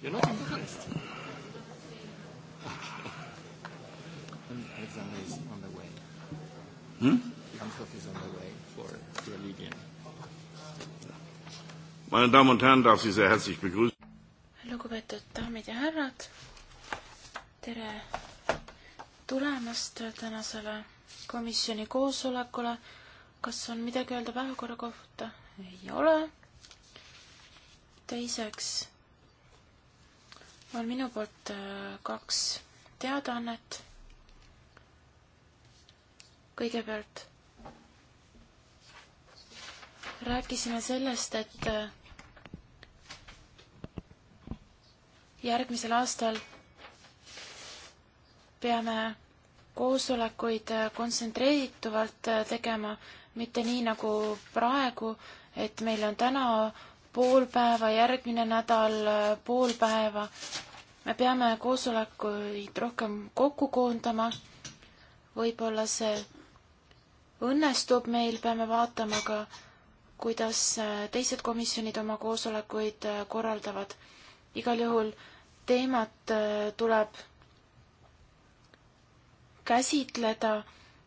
You're not in Bucharest. Alexander is on the way. Hmm? Yamsov is on the way for your Libyan. Meine Damen und Herren, darf Sie sehr herzlich begrüßen. Lugupeetud daamid ja härrad, tere tulemast tänasele komisjoni koosolekule. kas on midagi öelda päevakorra kohta? ei ole. teiseks on minu poolt äh, kaks teadaannet. kõigepealt rääkisime sellest, et äh, järgmisel aastal peame koosolekuid äh, kontsentreerituvalt tegema, mitte nii nagu praegu, et meil on täna pool päeva, järgmine nädal äh, pool päeva. me peame koosolekuid rohkem kokku koondama. võib-olla see õnnestub meil, peame vaatama ka, kuidas äh, teised komisjonid oma koosolekuid äh, korraldavad. igal juhul teemat tuleb käsitleda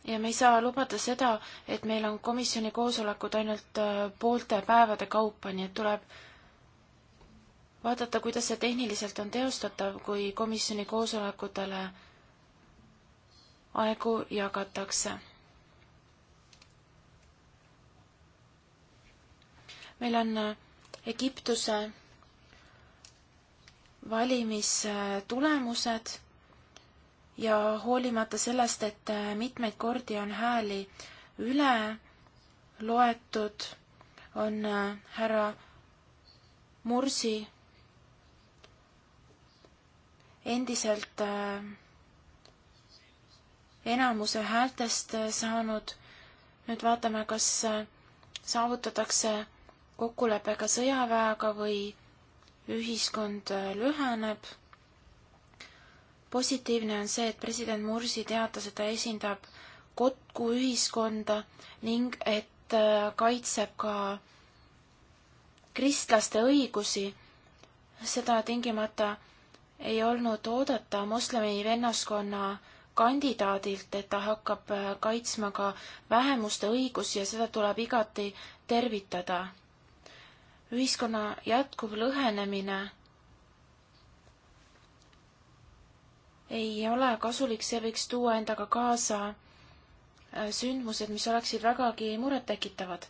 ja me ei saa lubada seda, et meil on komisjoni koosolekud ainult äh, poolte päevade kaupa, nii et tuleb vaadata, kuidas see tehniliselt on teostatav, kui komisjoni koosolekutele aegu jagatakse. meil on äh, Egiptuse valimistulemused äh, ja hoolimata sellest, et äh, mitmeid kordi on hääli üle loetud, on äh, härra Mursi endiselt äh, enamuse häältest saanud. nüüd vaatame, kas saavutatakse kokkulepe ka sõjaväega või ühiskond lüheneb positiivne on see, et president Mursi teatas, et ta esindab kotku ühiskonda ning et äh, kaitseb ka kristlaste õigusi. seda tingimata ei olnud oodata moslemi vennaskonna kandidaadilt, et ta hakkab äh, kaitsma ka vähemuste õigusi ja seda tuleb igati tervitada. ühiskonna jätkuv lõhenemine ei ole kasulik, see võiks tuua endaga kaasa äh, sündmused, mis oleksid vägagi murettekitavad.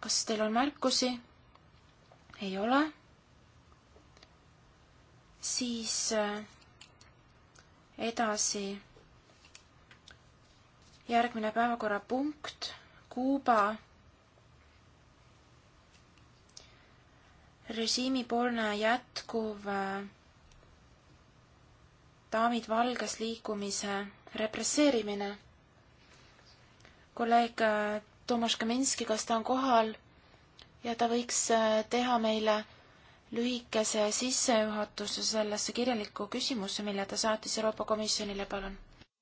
kas teil on märkusi? ei ole? siis äh, edasi järgmine päevakorrapunkt, Kuuba režiimipoolne jätkuv äh, daamid valges liikumise represseerimine. kolleeg äh, Tomas Kaminski, kas ta on kohal ja ta võiks äh, teha meile lühikese sissejuhatuse sellesse kirjalikku küsimusse, mille ta saatis Euroopa Komisjonile, palun.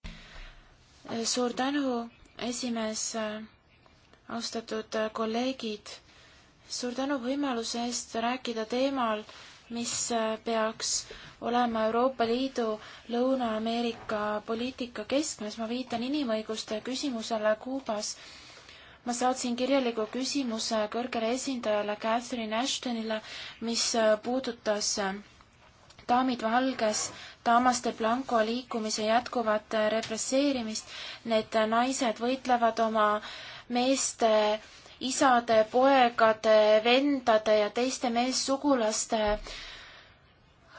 Äh, suur tänu, esimees, austatud kolleegid, suur tänu võimaluse eest rääkida teemal, mis äh, peaks olema Euroopa Liidu Lõuna-Ameerika poliitika keskmes, ma viitan inimõiguste küsimusele Kuubas. ma saatsin kirjaliku küsimuse kõrgele esindajale Catherine Ashtonile, mis äh, puudutas äh, daamid Valges Damaste Blanco liikumise jätkuvat represseerimist. Need naised võitlevad oma meeste isade, poegade, vendade ja teiste meessugulaste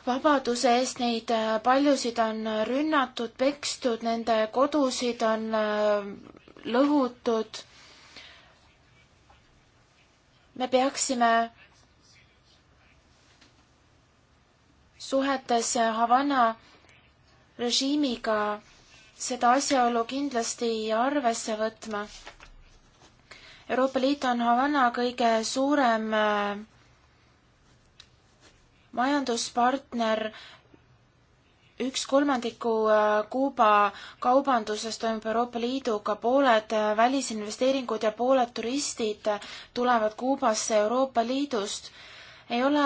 vabaduse eest, neid äh, paljusid on rünnatud, pekstud, nende kodusid on äh, lõhutud. me peaksime suhetes Havana režiimiga seda asjaolu kindlasti arvesse võtma Euroopa Liit on Havana kõige suurem äh, majanduspartner, üks kolmandiku äh, Kuuba kaubandusest toimub Euroopa Liiduga, pooled äh, välisinvesteeringud ja pooled turistid tulevad Kuubasse Euroopa Liidust. ei ole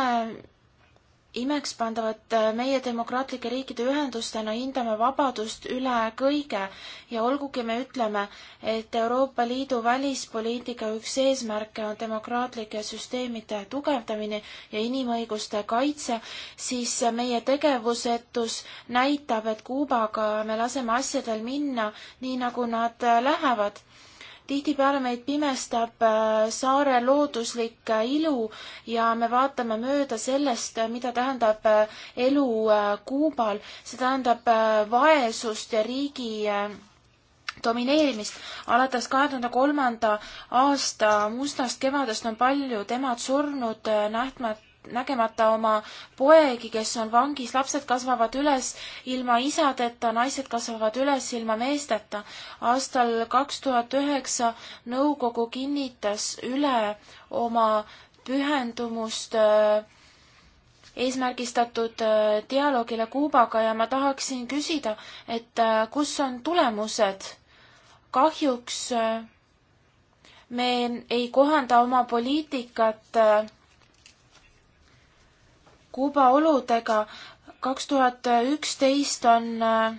imekspandavat äh, meie demokraatlike riikide ühendustena hindame vabadust üle kõige ja olgugi me ütleme, et Euroopa Liidu välispoliitika üks eesmärke on demokraatlike süsteemide tugevdamine ja inimõiguste kaitse, siis meie tegevusetus näitab, et Kuubaga me laseme asjadel minna nii, nagu nad äh, lähevad tihtipeale meid pimestab äh, saare looduslik äh, ilu ja me vaatame mööda sellest, äh, mida tähendab elu Kuubal, see tähendab vaesust ja riigi domineerimist. alates kahe tuhande kolmanda aasta mustast kevadest on paljud emad surnud, nähtmed nägemata oma poegi, kes on vangis, lapsed kasvavad üles ilma isadeta, naised kasvavad üles ilma meesteta. aastal kaks tuhat üheksa nõukogu kinnitas üle oma pühendumust äh, eesmärgistatud äh, dialoogile Kuubaga ja ma tahaksin küsida, et äh, kus on tulemused? kahjuks me ei kohanda oma poliitikat Kuuba oludega. kaks tuhat üksteist on äh,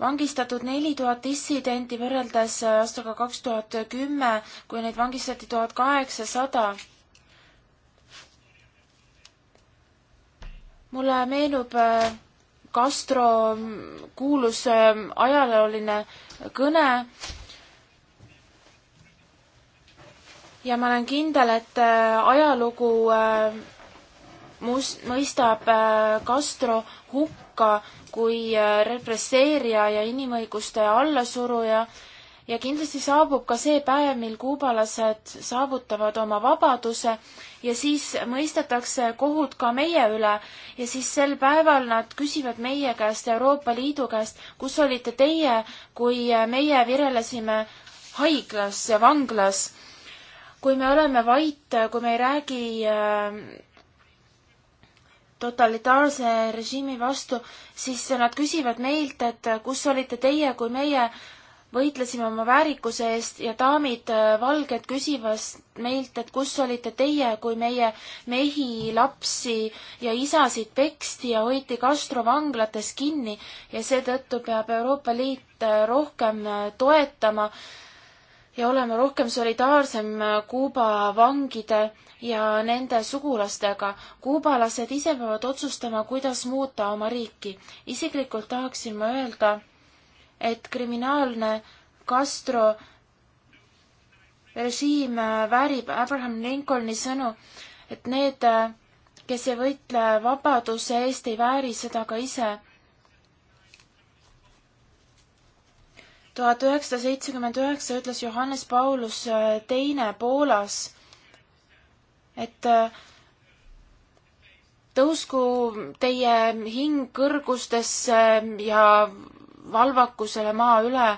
vangistatud neli tuhat dissidenti võrreldes äh, aastaga kaks tuhat kümme, kui neid vangistati tuhat kaheksasada. mulle meenub äh, Castro kuulus ajalooline kõne, ja ma olen kindel, et äh, ajalugu äh, mus-, mõistab äh, Castro hukka kui represseerija ja inimõiguste allasuruja ja kindlasti saabub ka see päev, mil kuubalased saavutavad oma vabaduse ja siis mõistetakse kohut ka meie üle ja siis sel päeval nad küsivad meie käest, Euroopa Liidu käest, kus olite teie, kui meie virelesime haiglas ja vanglas kui me oleme vait, kui me ei räägi äh, totalitaarse režiimi vastu, siis nad küsivad meilt, et kus olite teie, kui meie võitlesime oma väärikuse eest ja daamid äh, valged küsivad meilt, et kus olite teie, kui meie mehi, lapsi ja isasid peksti ja hoiti Castro vanglates kinni ja seetõttu peab Euroopa Liit äh, rohkem toetama äh, ja olema rohkem solidaarsem Kuuba vangide ja nende sugulastega. kuubalased ise peavad otsustama, kuidas muuta oma riiki. isiklikult tahaksin ma öelda, et kriminaalne Castro režiim väärib Abraham Lincolni sõnu, et need, kes ei võitle vabaduse eest, ei vääri seda ka ise tuhat üheksasada seitsekümmend üheksa ütles Johannes Paulus äh, teine Poolas, et äh, tõusku teie hing kõrgustesse äh, ja valvaku selle maa üle.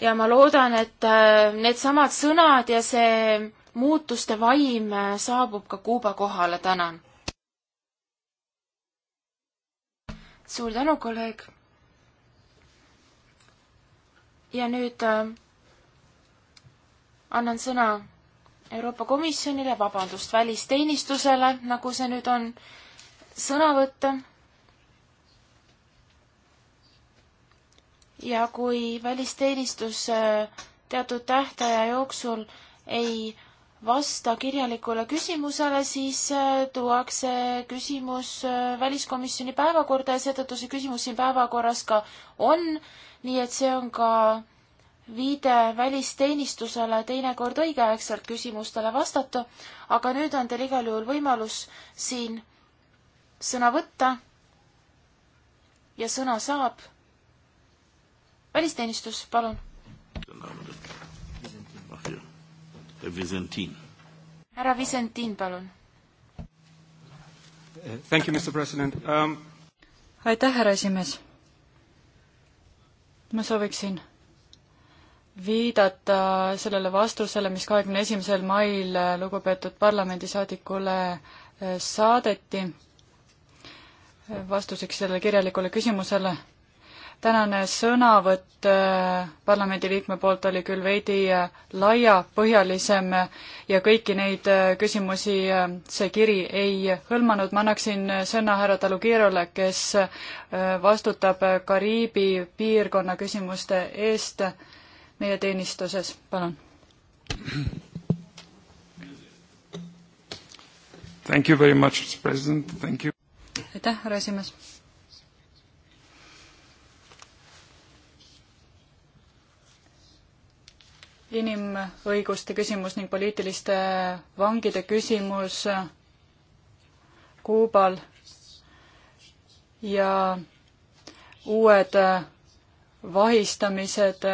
ja ma loodan, et needsamad sõnad ja see muutuste vaim saabub ka Kuuba kohale, tänan. suur tänu, kolleeg ja nüüd äh, annan sõna Euroopa Komisjonile, vabandust, välisteenistusele, nagu see nüüd on, sõna võtta. ja kui välisteenistus äh, teatud tähtaja jooksul ei vasta kirjalikule küsimusele, siis äh, tuuakse küsimus äh, väliskomisjoni päevakorda ja seetõttu see küsimus siin päevakorras ka on, nii et see on ka viide välisteenistusele teinekord õigeaegselt küsimustele vastata, aga nüüd on teil igal juhul võimalus siin sõna võtta ja sõna saab välisteenistus, palun Visentin. härra Visentin, palun. Thank you, Mr President um.... aitäh, härra esimees. ma sooviksin viidata sellele vastusele, mis kahekümne esimesel mail lugupeetud parlamendisaadikule eh, saadeti vastuseks sellele kirjalikule küsimusele tänane sõnavõtt äh, parlamendiliikme poolt oli küll veidi äh, laiapõhjalisem ja kõiki neid äh, küsimusi see kiri ei hõlmanud. ma annaksin sõna härra Talukirole, kes vastutab Kariibi piirkonna küsimuste eest meie teenistuses. palun. Thank you very much, president, thank you. aitäh, härra esimees inimõiguste küsimus ning poliitiliste vangide küsimus Kuubal ja uued vahistamised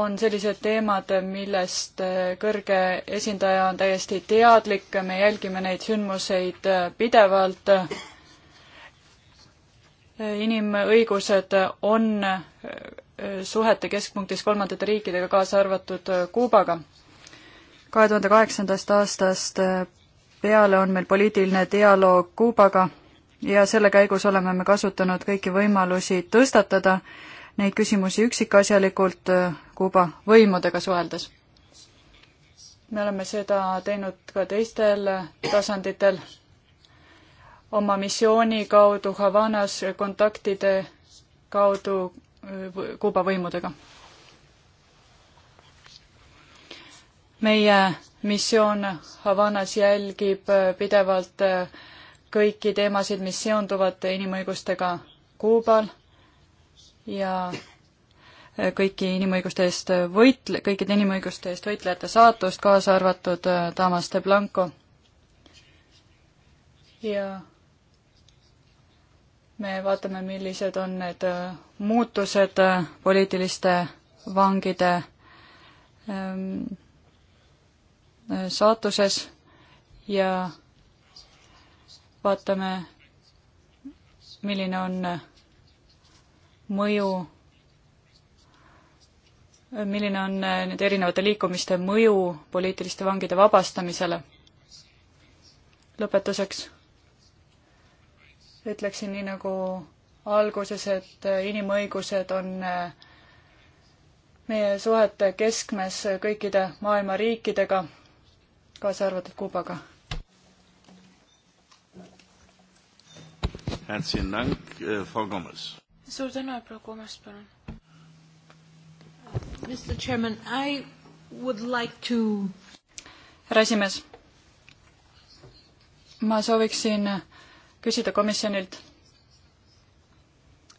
on sellised teemad, millest kõrge esindaja on täiesti teadlik, me jälgime neid sündmuseid pidevalt inimõigused on äh, suhete keskpunktis kolmandate riikidega, kaasa arvatud äh, Kuubaga. kahe tuhande kaheksandast aastast äh, peale on meil poliitiline dialoog Kuubaga ja selle käigus oleme me kasutanud kõiki võimalusi tõstatada neid küsimusi üksikasjalikult Kuuba võimudega suheldes. me oleme seda teinud ka teistel tasanditel oma missiooni kaudu Havanas kontaktide kaudu äh, Kuuba võimudega. meie missioon Havanas jälgib äh, pidevalt äh, kõiki teemasid, mis seonduvad inimõigustega Kuubal ja kõiki inimõiguste eest võitle-, kõikide inimõiguste eest võitlejate saatust, kaasa arvatud Damas de Blanco. ja me vaatame, millised on need äh, muutused äh, poliitiliste vangide ähm, äh, saatuses ja vaatame, milline on mõju, milline on nende erinevate liikumiste mõju poliitiliste vangide vabastamisele. lõpetuseks ütleksin nii nagu alguses, et äh, inimõigused on äh, meie suhete keskmes kõikide maailma riikidega, kaasa arvatud Kuubaga. Äh, suur tänu ja proua Komas, palun. Mr Chairman, I would like to härra esimees, ma sooviksin küsida komisjonilt,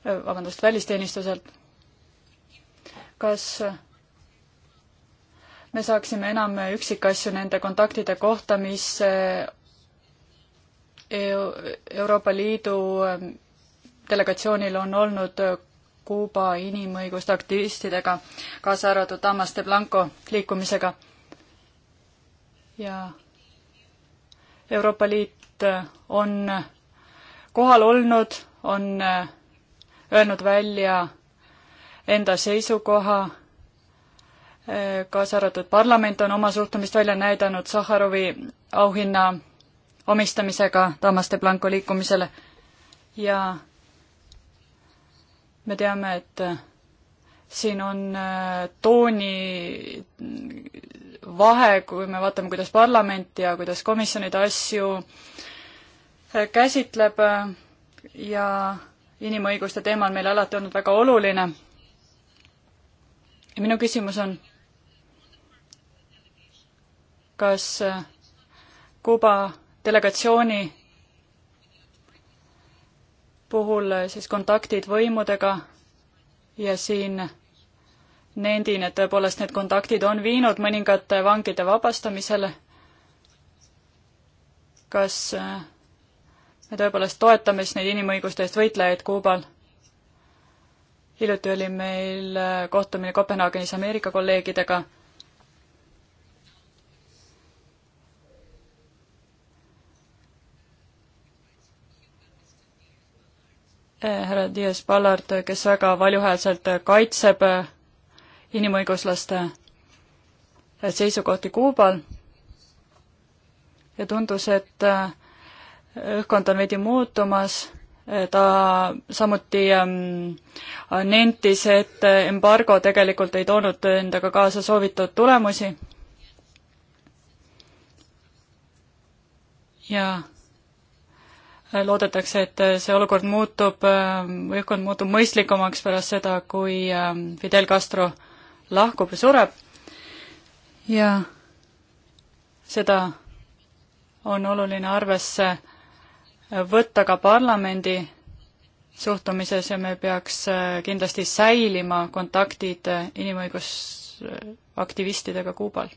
äh, vabandust, välisteenistuselt, kas me saaksime enam üksikasju nende kontaktide kohta, mis äh, Euroopa Liidu ähm, delegatsioonil on olnud äh, Kuuba inimõiguste aktivistidega, kaasa arvatud Damas de Blanco liikumisega. ja Euroopa Liit on kohal olnud, on äh, öelnud välja enda seisukoha, äh, kaasa arvatud parlament on oma suhtumist välja näidanud Sahharovi auhinna omistamisega Damas de Blanco liikumisele ja me teame, et äh, siin on tooni vahe, kui me vaatame, kuidas parlament ja kuidas komisjonid asju äh, käsitleb äh, ja inimõiguste teema on meile alati olnud väga oluline. ja minu küsimus on, kas äh, Kuuba delegatsiooni puhul äh, siis kontaktid võimudega ja siin nendin, et tõepoolest need kontaktid on viinud mõningate vangide vabastamisele. kas äh, me tõepoolest toetame siis neid inimõiguste eest võitlejaid Kuubal. hiljuti oli meil äh, kohtumine Kopenhaagenis Ameerika kolleegidega. Äh, härra Dias-Ballard, kes väga valjuhäälselt kaitseb äh, inimõiguslaste seisukohti Kuubal ja tundus, et äh, õhkkond on veidi muutumas, ta samuti ähm, nentis, et embargo tegelikult ei toonud endaga kaasa soovitud tulemusi. ja loodetakse, et see olukord muutub, ähm, õhkkond muutub mõistlikumaks pärast seda, kui ähm, Fidel Castro lahkub ja sureb. ja seda on oluline arvesse võtta ka parlamendi suhtumises ja me peaks äh, kindlasti säilima kontaktid äh, inimõigusaktivistidega Kuubal.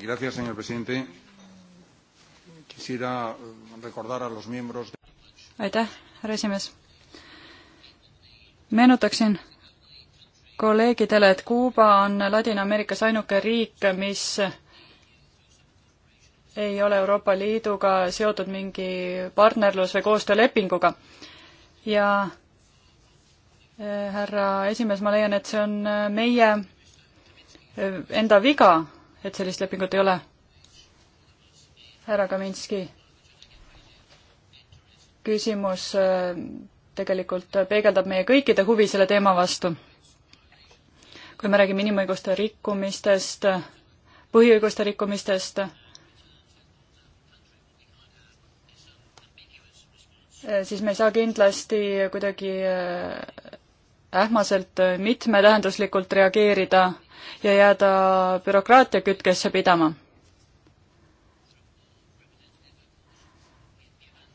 Gracias, señor presidente. Quisiera eh, recordar a los miembros de... aitäh, härra esimees. meenutaksin kolleegidele, et Kuuba on Ladina-Ameerikas ainuke riik, mis ei ole Euroopa Liiduga seotud mingi partnerlus- või koostöölepinguga. ja eh, härra esimees, ma leian, et see on eh, meie eh, enda viga, et sellist lepingut ei ole. härra Kaminski, küsimus tegelikult peegeldab meie kõikide huvi selle teema vastu. kui me räägime inimõiguste rikkumistest, põhiõiguste rikkumistest, Äh, siis me ei saa kindlasti kuidagi äh, ähmaselt äh, mitmetähenduslikult reageerida ja jääda bürokraatia kütkesse pidama.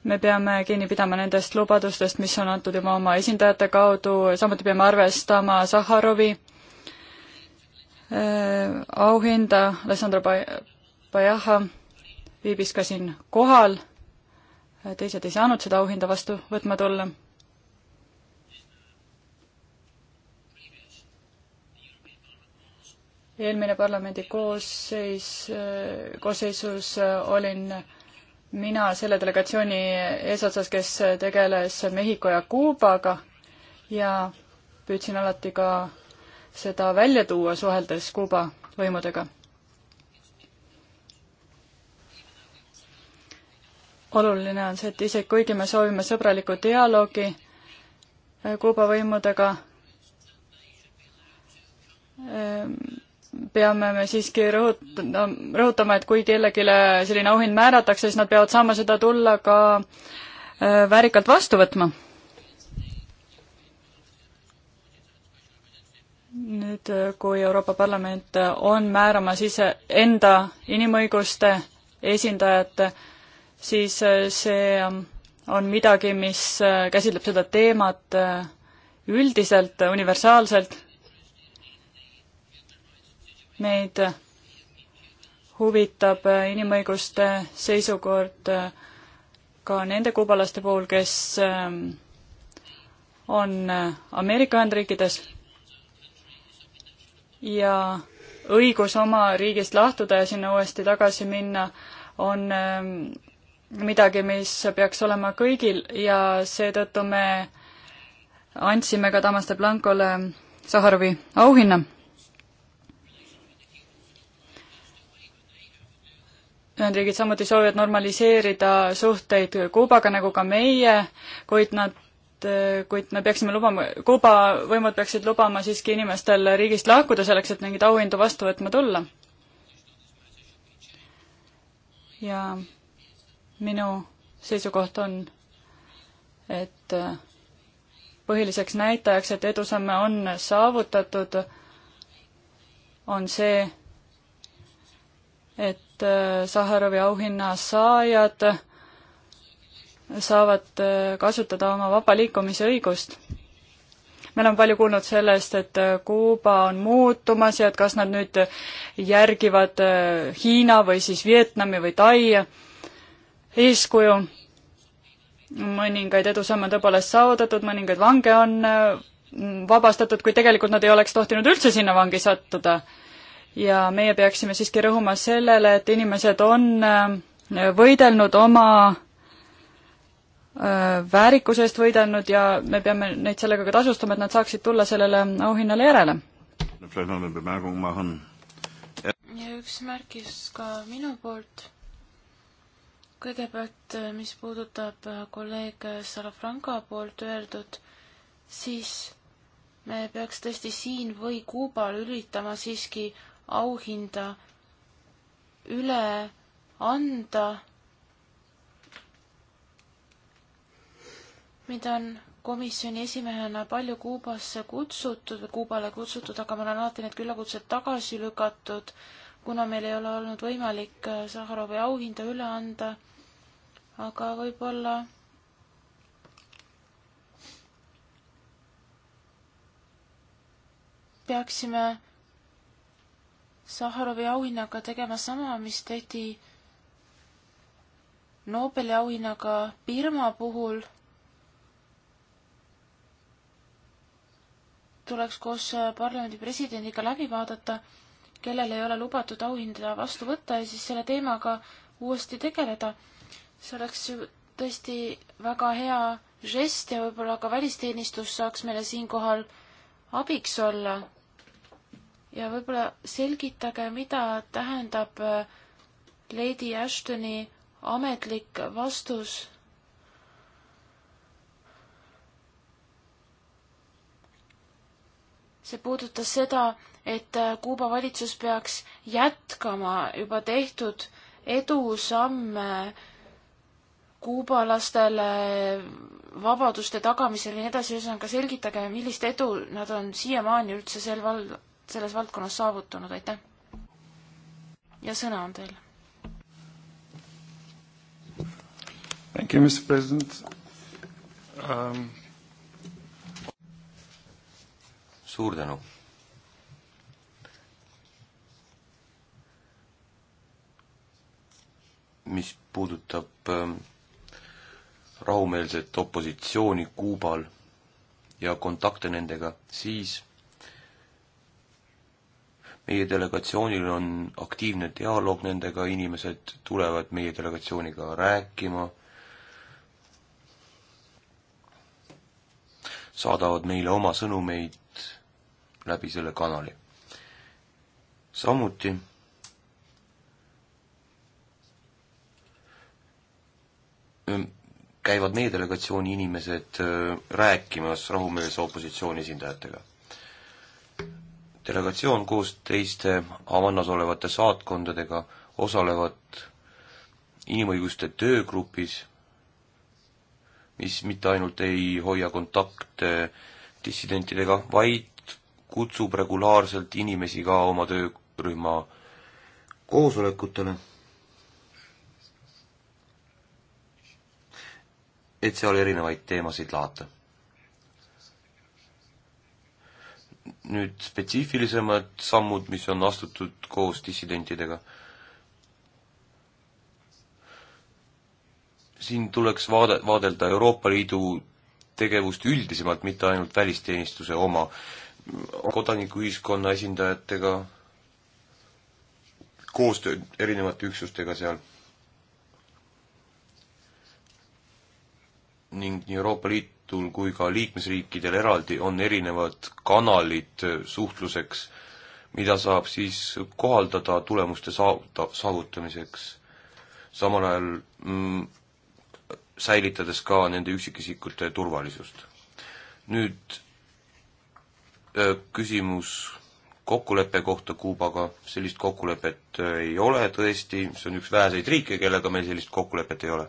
me peame kinni pidama nendest lubadustest, mis on antud juba oma esindajate kaudu, samuti peame arvestama Sahharovi äh, auhinda, Alessandro Bajaha viibis ka siin kohal teised ei saanud seda auhinda vastu võtma tulla. eelmine parlamendi koosseis, koosseisus olin mina selle delegatsiooni eesotsas, kes tegeles Mehhiko ja Kuubaga ja püüdsin alati ka seda välja tuua, suheldes Kuuba võimudega oluline on see, et isegi kuigi me soovime sõbralikku dialoogi äh, Kuuba võimudega, ähm, peame me siiski rõhutama, rõhutama, et kui kellelegi selline auhind määratakse, siis nad peavad saama seda tulla ka äh, väärikalt vastu võtma. nüüd, äh, kui Euroopa Parlament on määramas ise enda inimõiguste esindajate äh, siis äh, see ähm, on midagi, mis äh, käsitleb seda teemat äh, üldiselt, universaalselt. meid huvitab inimõiguste seisukord ka nende kuubalaste puhul, kes ähm, on Ameerika Ühendriikides ja õigus oma riigist lahtuda ja sinna uuesti tagasi minna on ähm, midagi, mis peaks olema kõigil ja seetõttu me andsime ka Tamas de Blancole Saharovi auhinna. Ühendriigid samuti soovivad normaliseerida suhteid Kuubaga, nagu ka meie, kuid nad, kuid me peaksime lubama, Kuuba võimud peaksid lubama siiski inimestel riigist lahkuda, selleks et mingeid auhindu vastu võtma tulla. ja minu seisukoht on, et põhiliseks näitajaks, et edusamme on saavutatud, on see, et äh, Saharovi auhinna saajad saavad äh, kasutada oma vaba liikumise õigust. me oleme palju kuulnud sellest, et äh, Kuuba on muutumas ja et kas nad nüüd järgivad Hiina või siis Vietnami või Tai eeskuju. mõningaid edusamme on tõepoolest saavutatud, mõningaid vange on mm, vabastatud, kuid tegelikult nad ei oleks tohtinud üldse sinna vangi sattuda. ja meie peaksime siiski rõhuma sellele, et inimesed on äh, võidelnud oma äh, väärikuse eest võidelnud ja me peame neid sellega ka tasustama, et nad saaksid tulla sellele auhinnale järele. ja üks märkis ka minu poolt kõigepealt, äh, mis puudutab äh, kolleeg Salafranca poolt öeldud, siis me peaks tõesti siin või Kuubal üritama siiski auhinda üle anda, mida on komisjoni esimehena palju Kuubasse kutsutud või Kuubale kutsutud, aga ma olen alati need küllakutsed tagasi lükatud, kuna meil ei ole olnud võimalik äh, Sahharovi auhinda üle anda aga võib-olla peaksime Saharovi auhinnaga tegema sama, mis tehti Nobeli auhinnaga Birma puhul. tuleks koos parlamendi presidendiga läbi vaadata, kellel ei ole lubatud auhinda vastu võtta ja siis selle teemaga uuesti tegeleda see oleks ju tõesti väga hea žest ja võib-olla ka välisteenistus saaks meile siinkohal abiks olla. ja võib-olla selgitage, mida tähendab äh, Lady Ashtoni ametlik vastus. see puudutas seda, et äh, Kuuba valitsus peaks jätkama juba tehtud edusamme äh, Kuuba lastele vabaduste tagamisel ja nii edasi, ühesõnaga selgitage, millist edu nad on siiamaani üldse sel val-, selles valdkonnas saavutanud, aitäh! ja sõna on teil. Thank you, Mr President um.... suur tänu. mis puudutab um rahumeelset opositsiooni Kuubal ja kontakte nendega, siis meie delegatsioonil on aktiivne dialoog nendega, inimesed tulevad meie delegatsiooniga rääkima, saadavad meile oma sõnumeid läbi selle kanali. samuti käivad meie delegatsiooni inimesed äh, rääkimas rahumeelse opositsiooni esindajatega. delegatsioon koos teiste Havannas olevate saatkondadega osalevad inimõiguste töögrupis, mis mitte ainult ei hoia kontakte dissidentidega, vaid kutsub regulaarselt inimesi ka oma töörühma koosolekutele tahtsid seal erinevaid teemasid laata. nüüd spetsiifilisemad sammud, mis on astutud koos dissidentidega. siin tuleks vaade, vaadelda Euroopa Liidu tegevust üldisemalt, mitte ainult välisteenistuse oma. kodanikuühiskonna esindajatega, koostööd erinevate üksustega seal ning nii Euroopa Liitul kui ka liikmesriikidel eraldi on erinevad kanalid suhtluseks, mida saab siis kohaldada tulemuste saavuta-, saavutamiseks, samal ajal mm, säilitades ka nende üksikisikute turvalisust. nüüd öö, küsimus kokkuleppe kohta Kuubaga, sellist kokkulepet ei ole tõesti, see on üks väheseid riike, kellega meil sellist kokkulepet ei ole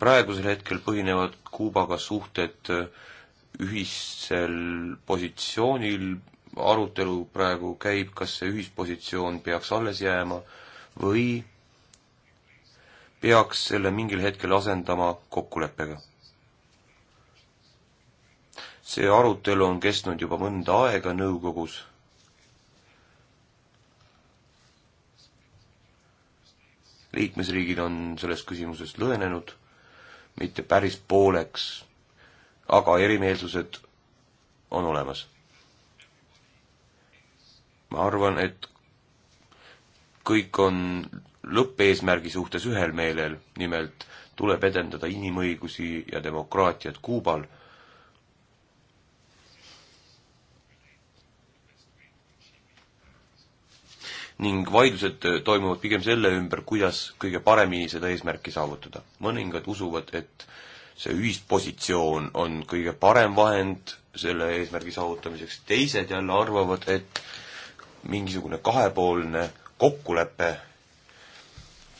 praegusel hetkel põhinevad Kuubaga suhted äh, ühisel positsioonil, arutelu praegu käib, kas see ühispositsioon peaks alles jääma või peaks selle mingil hetkel asendama kokkuleppega. see arutelu on kestnud juba mõnda aega nõukogus liikmesriigid on selles küsimuses lõhenenud mitte päris pooleks, aga erimeelsused on olemas. ma arvan, et kõik on lõppeesmärgi suhtes ühel meelel, nimelt tuleb edendada inimõigusi ja demokraatiat Kuubal ning vaidlused äh, toimuvad pigem selle ümber, kuidas kõige paremini seda eesmärki saavutada. mõningad usuvad, et see ühispositsioon on kõige parem vahend selle eesmärgi saavutamiseks, teised jälle arvavad, et mingisugune kahepoolne kokkulepe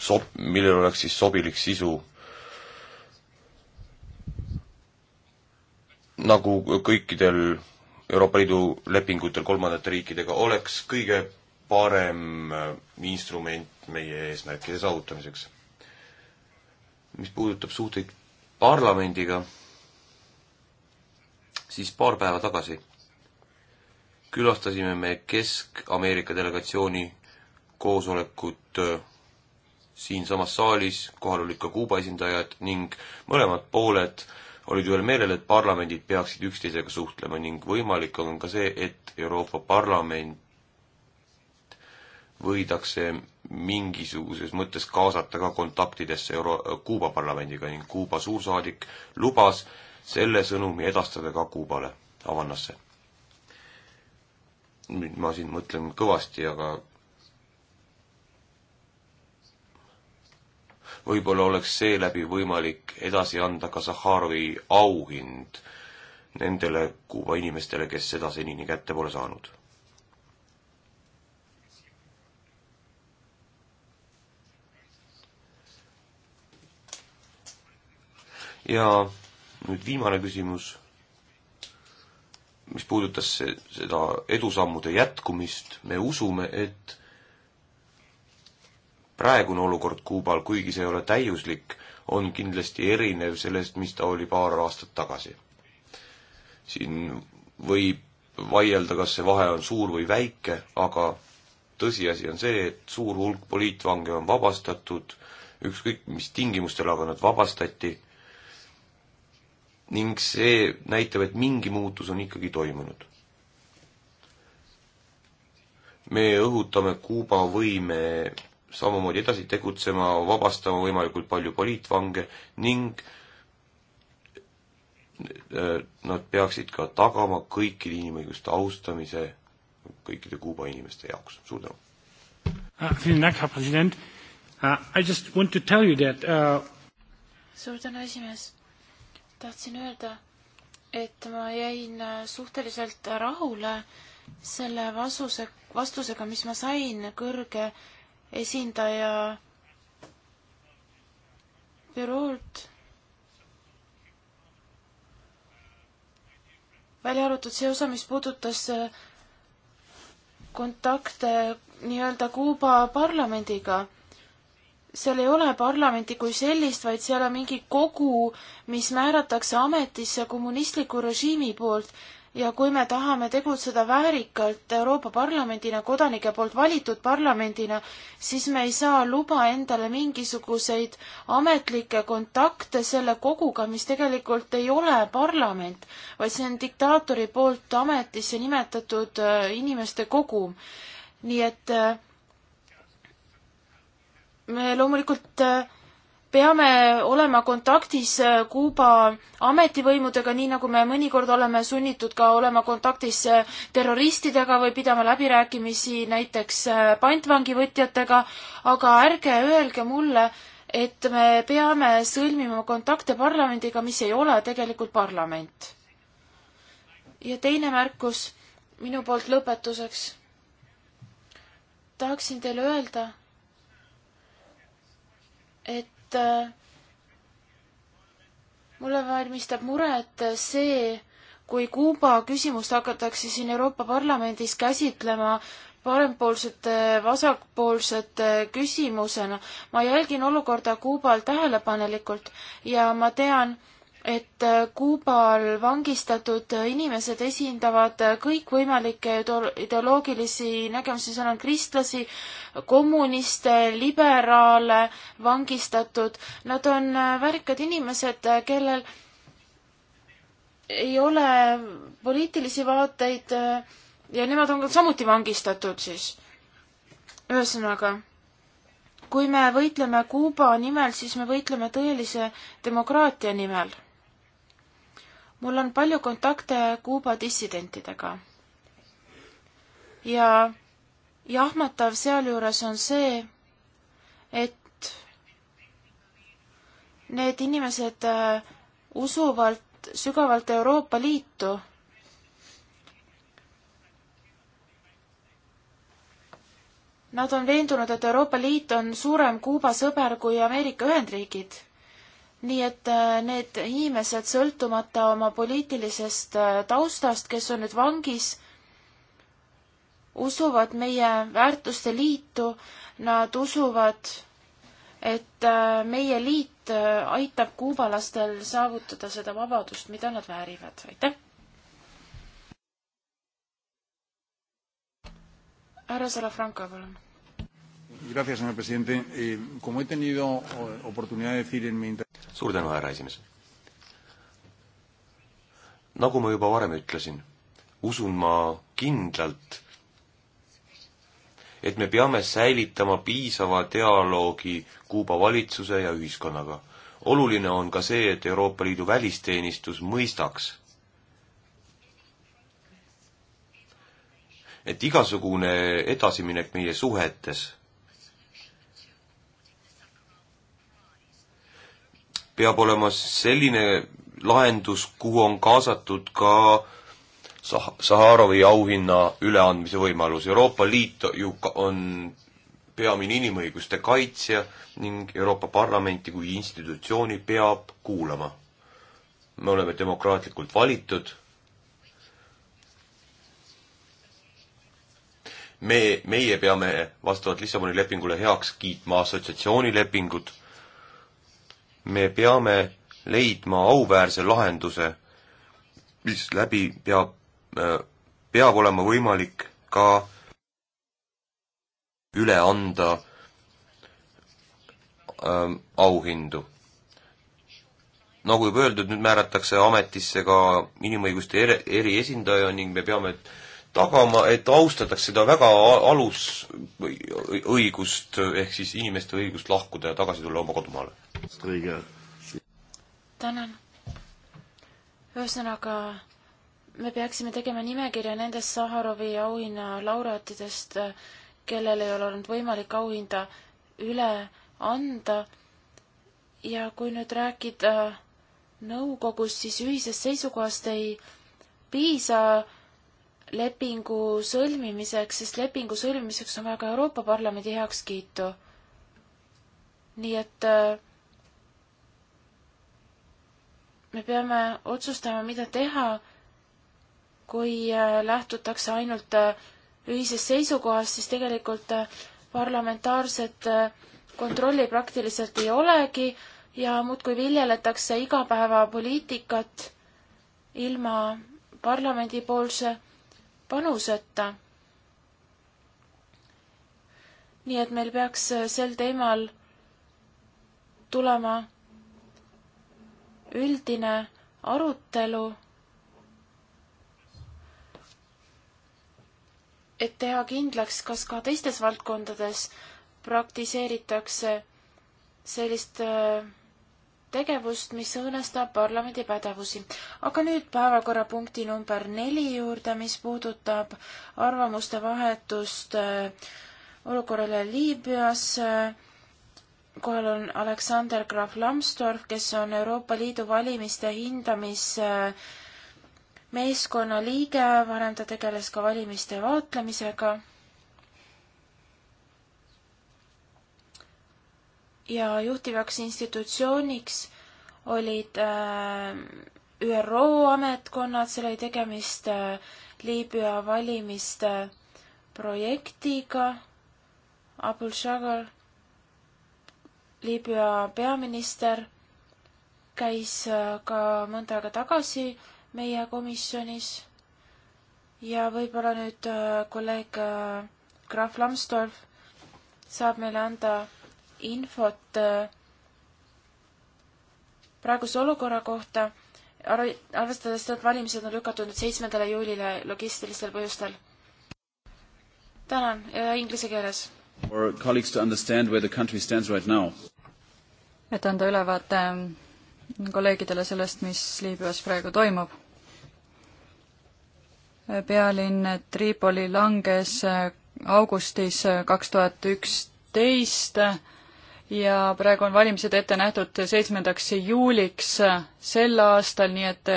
sob-, millel oleks siis sobilik sisu, nagu kõikidel Euroopa Liidu lepingutel kolmandate riikidega, oleks kõige parem äh, instrument meie eesmärkide saavutamiseks. mis puudutab suhteid parlamendiga, siis paar päeva tagasi külastasime me Kesk-Ameerika delegatsiooni koosolekut äh, siinsamas saalis, kohal olid ka Kuuba esindajad ning mõlemad pooled olid ühel meelel, et parlamendid peaksid üksteisega suhtlema ning võimalik on ka see, et Euroopa Parlament võidakse mingisuguses mõttes kaasata ka kontaktidesse Euro-, Kuuba parlamendiga ning Kuuba suursaadik lubas selle sõnumi edastada ka Kuubale, Havannasse. nüüd ma siin mõtlen kõvasti, aga võib-olla oleks seeläbi võimalik edasi anda ka Sahharovi auhind nendele Kuuba inimestele, kes seda senini kätte pole saanud ja nüüd viimane küsimus, mis puudutas seda edusammude jätkumist, me usume, et praegune olukord Kuubal, kuigi see ei ole täiuslik, on kindlasti erinev sellest, mis ta oli paar aastat tagasi. siin võib vaielda, kas see vahe on suur või väike, aga tõsiasi on see, et suur hulk poliitvange on vabastatud, ükskõik mis tingimustel, aga nad vabastati ning see näitab, et mingi muutus on ikkagi toimunud. me õhutame Kuuba võime samamoodi edasi tegutsema, vabastama võimalikult palju poliitvange ning äh, nad peaksid ka tagama kõikide inimõiguste austamise kõikide Kuuba inimeste jaoks. suur tänu! Ah, ah, uh, suur tänu, esimees! tahtsin öelda, et ma jäin suhteliselt rahule selle vastuse, vastusega, mis ma sain kõrge esindaja büroolt. välja arvatud see osa, mis puudutas kontakte nii-öelda Kuuba parlamendiga seal ei ole parlamenti kui sellist, vaid seal on mingi kogu, mis määratakse ametisse kommunistliku režiimi poolt ja kui me tahame tegutseda väärikalt Euroopa Parlamendina, kodanike poolt valitud parlamendina, siis me ei saa luba endale mingisuguseid ametlikke kontakte selle koguga, mis tegelikult ei ole parlament, vaid see on diktaatori poolt ametisse nimetatud äh, inimeste kogum. nii et äh, me loomulikult äh, peame olema kontaktis äh, Kuuba ametivõimudega, nii nagu me mõnikord oleme sunnitud ka olema kontaktis äh, terroristidega või pidama läbirääkimisi näiteks pantvangivõtjatega, aga ärge öelge mulle, et me peame sõlmima kontakte parlamendiga, mis ei ole tegelikult parlament. ja teine märkus minu poolt lõpetuseks. tahaksin teile öelda et äh, mulle valmistab muret see, kui Kuuba küsimust hakatakse siin Euroopa Parlamendis käsitlema parempoolsete, vasakpoolsete küsimusena. ma jälgin olukorda Kuubal tähelepanelikult ja ma tean, et äh, Kuubal vangistatud inimesed esindavad äh, kõikvõimalikke ideoloogilisi nägemusi, seal on kristlasi, kommuniste, liberaale vangistatud. Nad on äh, väärikad inimesed, kellel ei ole poliitilisi vaateid ja nemad on samuti vangistatud siis. ühesõnaga kui me võitleme Kuuba nimel, siis me võitleme tõelise demokraatia nimel mul on palju kontakte Kuuba dissidentidega. ja jahmatav sealjuures on see, et need inimesed äh, usuvalt sügavalt Euroopa Liitu. Nad on veendunud, et Euroopa Liit on suurem Kuuba sõber kui Ameerika Ühendriigid nii et äh, need inimesed, sõltumata oma poliitilisest äh, taustast, kes on nüüd vangis, usuvad meie väärtuste liitu, nad usuvad, et äh, meie liit aitab kuubalastel saavutada seda vabadust, mida nad väärivad. aitäh! härra Salafranca, palun Gracias, señor presidente. Eh, como he tenido eh, oportunidad de decir en mi inter-... suur tänu, härra esimees. nagu ma juba varem ütlesin, usun ma kindlalt, et me peame säilitama piisava dialoogi Kuuba valitsuse ja ühiskonnaga. oluline on ka see, et Euroopa Liidu välisteenistus mõistaks, et igasugune edasiminek meie suhetes peab olema selline lahendus, kuhu on kaasatud ka Sah-, Saharovi auhinna üleandmise võimalus. Euroopa Liit ju on peamine inimõiguste kaitsja ning Euroopa Parlamenti kui institutsiooni peab kuulama. me oleme demokraatlikult valitud, me, meie peame vastavalt Lissaboni lepingule heaks kiitma assotsiatsioonilepingud me peame leidma auväärse lahenduse, mis läbi peab, äh, peab olema võimalik ka üle anda äh, auhindu. nagu juba öeldud, nüüd määratakse ametisse ka inimõiguste eri, eriesindaja ning me peame tagama, et austatakse seda väga alusõigust, ehk siis inimeste õigust lahkuda ja tagasi tulla oma kodumaale tänan. ühesõnaga, me peaksime tegema nimekirja nendest Saharovi auhinna laureaatidest, kellel ei ole olnud võimalik auhinda üle anda. ja kui nüüd rääkida nõukogust, siis ühisest seisukohast ei piisa lepingu sõlmimiseks, sest lepingu sõlmimiseks on vaja ka Euroopa Parlamendi heakskiitu. nii et äh, me peame otsustama, mida teha, kui äh, lähtutakse ainult äh, ühisest seisukohast, siis tegelikult äh, parlamentaarset kontrolli praktiliselt ei olegi ja muudkui viljeletakse igapäevapoliitikat ilma parlamendipoolse panuseta. nii et meil peaks sel teemal tulema üldine arutelu, et teha kindlaks, kas ka teistes valdkondades praktiseeritakse sellist äh, tegevust, mis õõnestab parlamendi pädevusi. aga nüüd päevakorrapunkti number neli juurde, mis puudutab arvamuste vahetust äh, olukorrale Liibüas äh, kohal on Aleksander Graf Lambsdorff, kes on Euroopa Liidu valimiste hindamismeeskonna äh, liige, varem ta tegeles ka valimiste vaatlemisega. ja juhtivaks institutsiooniks olid äh, ÜRO ametkonnad, seal oli tegemist äh, Liibüa valimiste projektiga, Abul Shagal Liibüa peaminister käis äh, ka mõnda aega tagasi meie komisjonis ja võib-olla nüüd äh, kolleeg äh, Graf Lambsdorff saab meile anda infot praeguse olukorra kohta, arvestades seda, et valimised on lükatud nüüd seitsmendale juulile logistilistel põhjustel. tänan ja inglise keeles. For colleagues to understand where the country stands right now et anda ülevaate kolleegidele sellest, mis Liibüas praegu toimub. pealinn Tripoli langes augustis kaks tuhat üksteist ja praegu on valimised ette nähtud seitsmendaks juuliks sel aastal, nii et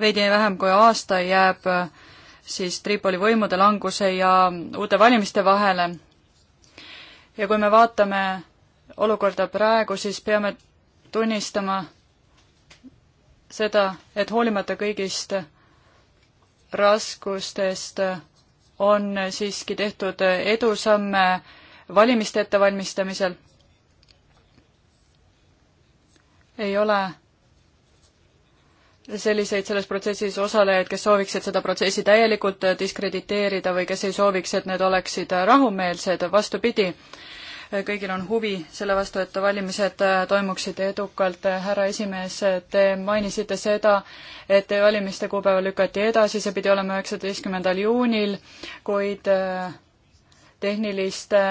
veidi vähem kui aasta jääb siis Tripoli võimude languse ja uute valimiste vahele. ja kui me vaatame olukorda praegu, siis peame tunnistama seda, et hoolimata kõigist raskustest on siiski tehtud edusamme valimiste ettevalmistamisel. ei ole selliseid selles protsessis osalejaid, kes sooviksid seda protsessi täielikult diskrediteerida või kes ei sooviks, et need oleksid rahumeelsed, vastupidi, kõigil on huvi selle vastu, et valimised äh, toimuksid edukalt. härra esimees, te mainisite seda, et valimiste kuupäeva lükati edasi, see pidi olema üheksateistkümnendal juunil, kuid äh, tehniliste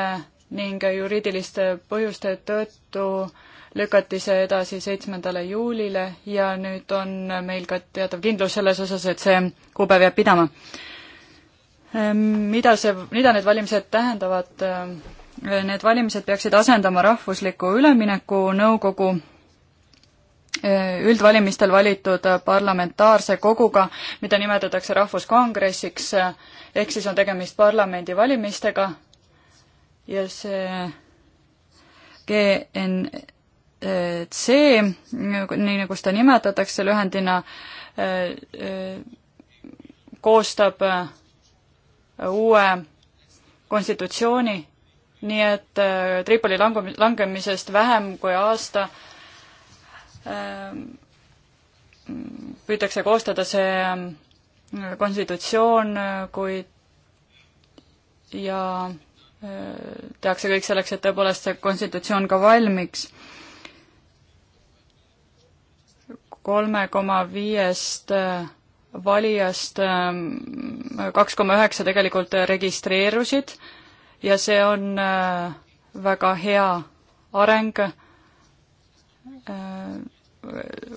ning juriidiliste põhjuste tõttu lükati see edasi seitsmendale juulile ja nüüd on meil ka teatav kindlus selles osas, et see kuupäev jääb pidama. Ehm, mida see, mida need valimised tähendavad ehm, Need valimised peaksid asendama rahvusliku üleminekunõukogu e, üldvalimistel valitud parlamentaarse koguga, mida nimetatakse rahvuskongressiks, ehk siis on tegemist parlamendivalimistega ja see GNC, nii nagu seda nimetatakse lühendina, e, e, koostab uue konstitutsiooni nii et äh, Tripoli langu-, langemisest vähem kui aasta ähm, püütakse koostada see äh, konstitutsioon, äh, kuid ja tehakse kõik selleks, et tõepoolest see konstitutsioon ka valmiks. kolme koma viiest valijast ähm, kaks koma üheksa tegelikult registreerusid äh, ja see on äh, väga hea areng. Äh,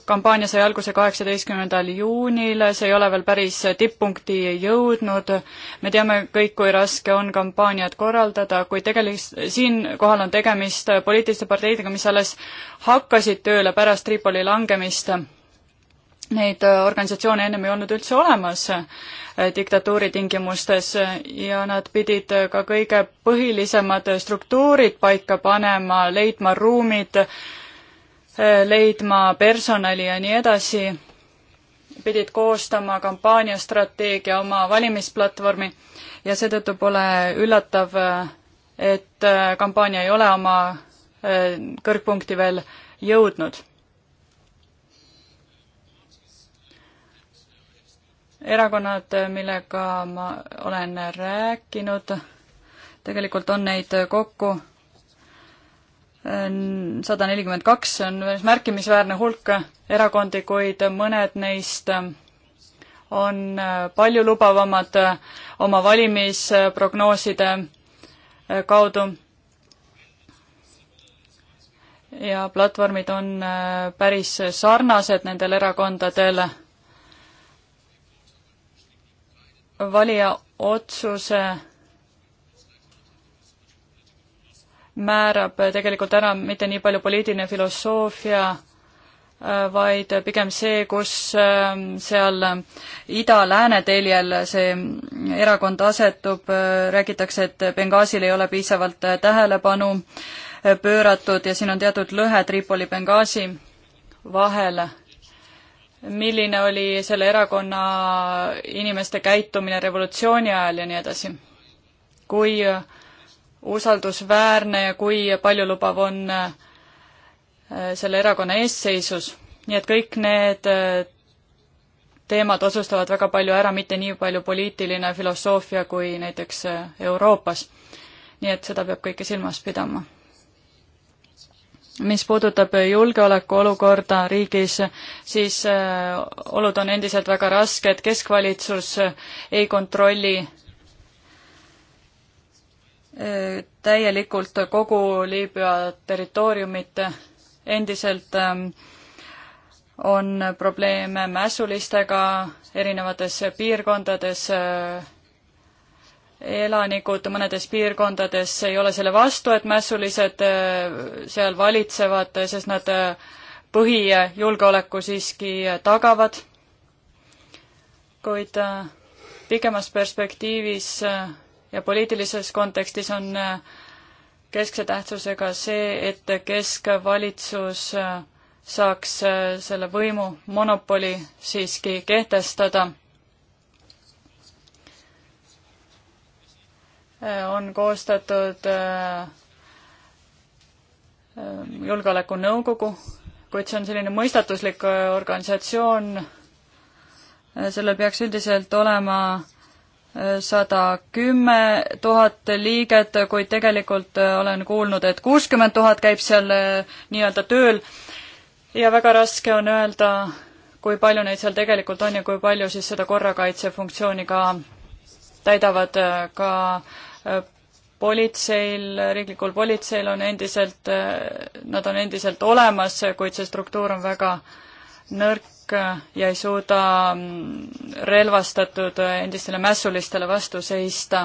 kampaania sai alguse kaheksateistkümnendal juunil, see ei ole veel päris tipppunkti jõudnud. me teame kõik, kui raske on kampaaniat korraldada, kuid tegelikult siinkohal on tegemist poliitiliste parteidega, mis alles hakkasid tööle pärast Tripoli langemist neid organisatsioone ennem ei olnud üldse olemas Äh, diktatuuri tingimustes ja nad pidid äh, ka kõige põhilisemad struktuurid paika panema, leidma ruumid, äh, leidma personali ja nii edasi, pidid koostama kampaaniastrateegia, oma valimisplatvormi ja seetõttu pole üllatav, et kampaania ei ole oma kõrgpunkti veel jõudnud erakonnad, millega ma olen rääkinud, tegelikult on neid kokku äh, sada nelikümmend kaks, see on päris märkimisväärne hulk erakondi, kuid mõned neist on paljulubavamad oma valimisprognooside kaudu. ja platvormid on äh, päris sarnased nendel erakondadel valija otsuse määrab tegelikult ära mitte nii palju poliitiline filosoofia, äh, vaid pigem see, kus äh, seal äh, ida-lääne teljel see mm, erakond asetub, räägitakse, et Benghazil ei ole piisavalt tähelepanu pööratud ja siin on teatud lõhe Tripoli, Benghazi vahel milline oli selle erakonna inimeste käitumine revolutsiooni ajal ja nii edasi. kui usaldusväärne ja kui paljulubav on äh, selle erakonna eesseisus, nii et kõik need äh, teemad otsustavad väga palju ära, mitte nii palju poliitiline filosoofia kui näiteks äh, Euroopas. nii et seda peab kõike silmas pidama mis puudutab julgeolekuolukorda riigis, siis äh, olud on endiselt väga rasked, keskvalitsus äh, ei kontrolli äh, täielikult kogu Liibüa territooriumit, endiselt on probleeme mässulistega erinevates piirkondades, elanikud mõnedes piirkondades ei ole selle vastu, et mässulised äh, seal valitsevad, sest nad äh, põhijulgeoleku siiski äh, tagavad. kuid pikemas perspektiivis ja poliitilises kontekstis on keskse tähtsusega see, et keskvalitsus saaks selle võimu monopoli siiski kehtestada on koostatud äh, julgeolekunõukogu, kuid see on selline mõistatuslik äh, organisatsioon, äh, sellel peaks üldiselt olema sada kümme tuhat liiget, kuid tegelikult olen kuulnud, et kuuskümmend tuhat käib seal nii-öelda tööl ja väga raske on öelda, kui palju neid seal tegelikult on ja kui palju siis seda korrakaitsefunktsiooni ka täidavad ka äh, Äh, politseil, riiklikul politseil on endiselt, äh, nad on endiselt olemas, kuid see struktuur on väga nõrk ja ei suuda mm, relvastatud endistele mässulistele vastu seista.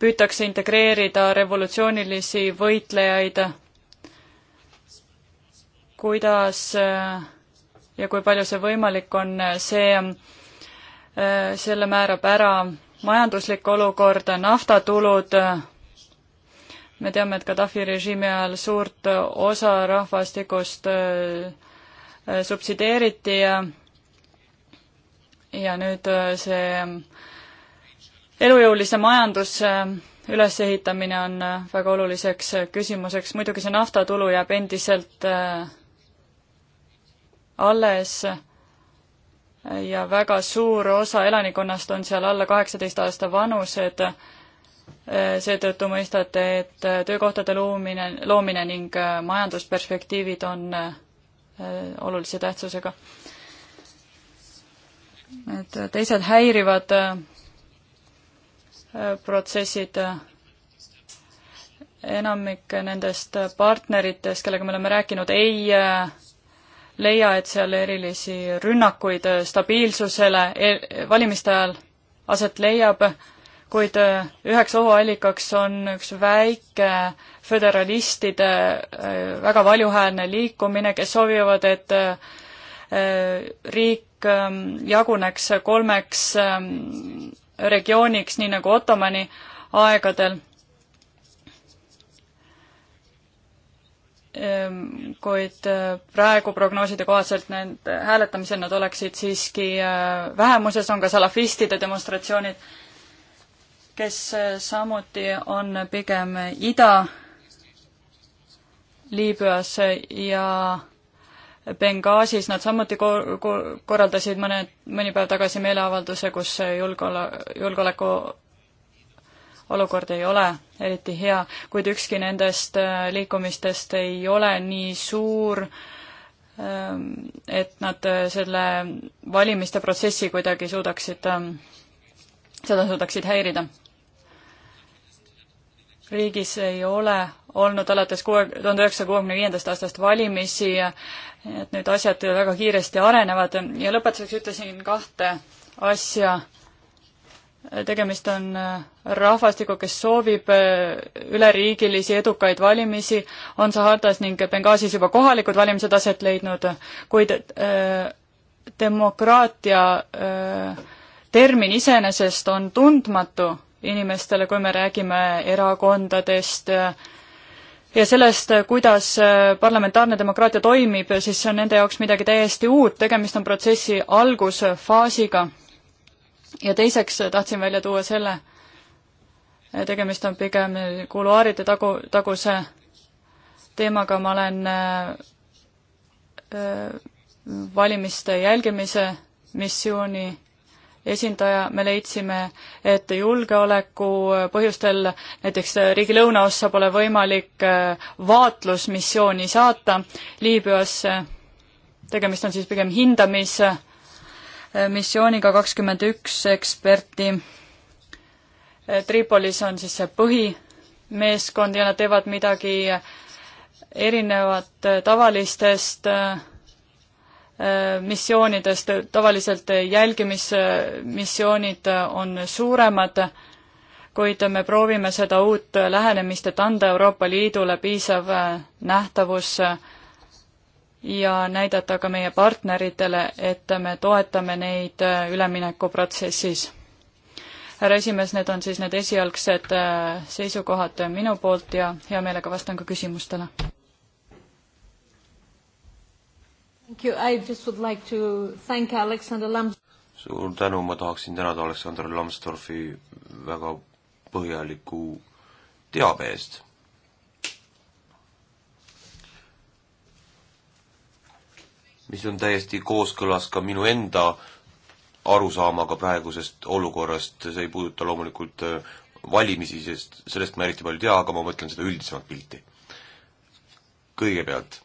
püütakse integreerida revolutsioonilisi võitlejaid. kuidas äh, ja kui palju see võimalik on, see, selle määrab ära majanduslik olukord, naftatulud, me teame, et Gaddafi režiimi ajal suurt osa rahvastikust äh, subsideeriti ja ja nüüd äh, see elujõulise majanduse ülesehitamine on äh, väga oluliseks küsimuseks, muidugi see naftatulu jääb endiselt alles ja väga suur osa elanikkonnast on seal alla kaheksateist aasta vanused, seetõttu mõistate, et töökohtade loomine, loomine ning äh, majandusperspektiivid on äh, olulise tähtsusega. et teised häirivad äh, protsessid enamik nendest partneritest, kellega me oleme rääkinud, ei leia, et seal erilisi rünnakuid äh, stabiilsusele e, valimiste ajal aset leiab, kuid äh, üheks hooallikaks on üks väike föderalistide äh, väga valjuhäälne liikumine, kes soovivad, et riik ähm, jaguneks kolmeks ähm, regiooniks, nii nagu Ottomani aegadel Ehm, kuid äh, praegu prognooside kohaselt need hääletamisel nad oleksid siiski äh, vähemuses, on ka salafistide demonstratsioonid, kes äh, samuti on pigem Ida-Liibüas ja Benghazis nad samuti ko-, ko-, korraldasid mõne, mõni päev tagasi meeleavalduse, kus julgeole-, julgeoleku olukord ei ole eriti hea, kuid ükski nendest äh, liikumistest ei ole nii suur, ähm, et nad äh, selle valimiste protsessi kuidagi suudaksid, ähm, seda suudaksid häirida. riigis ei ole olnud alates kuue, tuhande üheksasaja kuuekümne viiendast aastast valimisi, et nüüd asjad väga kiiresti arenevad ja lõpetuseks ütlesin kahte asja tegemist on äh, rahvastikuga, kes soovib äh, üleriigilisi edukaid valimisi, on Sahardas ning Benghazis juba kohalikud valimised aset leidnud, kuid äh, demokraatia äh, termin iseenesest on tundmatu inimestele, kui me räägime erakondadest äh, ja sellest, kuidas parlamentaarne demokraatia toimib, siis see on nende jaoks midagi täiesti uut, tegemist on protsessi algusfaasiga ja teiseks tahtsin välja tuua selle, tegemist on pigem kuluaaride tagu, taguse teemaga, ma olen äh, valimiste jälgimise missiooni esindaja, me leidsime, et julgeoleku põhjustel näiteks riigi lõunaossa pole võimalik äh, vaatlusmissiooni saata Liibüasse, tegemist on siis pigem hindamis- missiooniga kakskümmend üks eksperti. Tripolis on siis see põhimeeskond ja nad teevad midagi erinevat tavalistest äh, missioonidest, tavaliselt jälgimismissioonid on suuremad, kuid me proovime seda uut lähenemist, et anda Euroopa Liidule piisav äh, nähtavus äh, ja näidata ka meie partneritele, et me toetame neid äh, üleminekuprotsessis. härra esimees, need on siis need esialgsed äh, seisukohad minu poolt ja hea meelega vastan ka küsimustele. Like suur tänu, ma tahaksin tänada Aleksander Lambsdorfi väga põhjaliku teabe eest mis on täiesti kooskõlas ka minu enda arusaamaga praegusest olukorrast, see ei puuduta loomulikult äh, valimisi, sest sellest ma eriti palju ei tea, aga ma mõtlen seda üldisemat pilti. kõigepealt,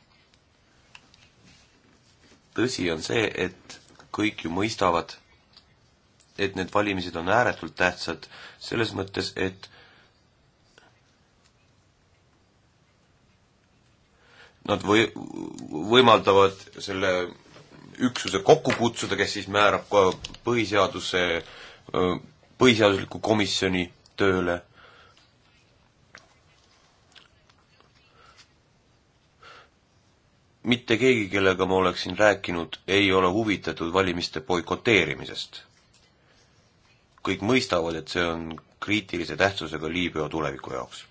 tõsi on see, et kõik ju mõistavad, et need valimised on ääretult tähtsad selles mõttes, et nad või-, võimaldavad selle üksuse kokku kutsuda, kes siis määrab ka põhiseaduse, põhiseadusliku komisjoni tööle. mitte keegi, kellega ma oleksin rääkinud, ei ole huvitatud valimiste boikoteerimisest. kõik mõistavad, et see on kriitilise tähtsusega Liibüa tuleviku jaoks.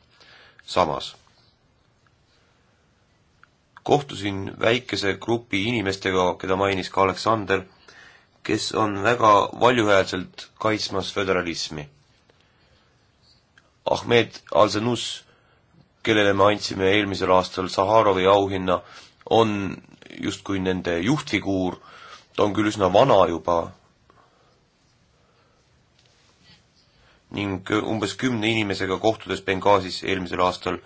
samas kohtusin väikese grupi inimestega, keda mainis ka Aleksander, kes on väga valjuhäälselt kaitsmas föderalismi. Ahmed Al-Zanus, kellele me andsime eelmisel aastal Saharovi auhinna, on justkui nende juhtfiguur, ta on küll üsna vana juba, ning umbes kümne inimesega kohtudes Benghazis eelmisel aastal äh,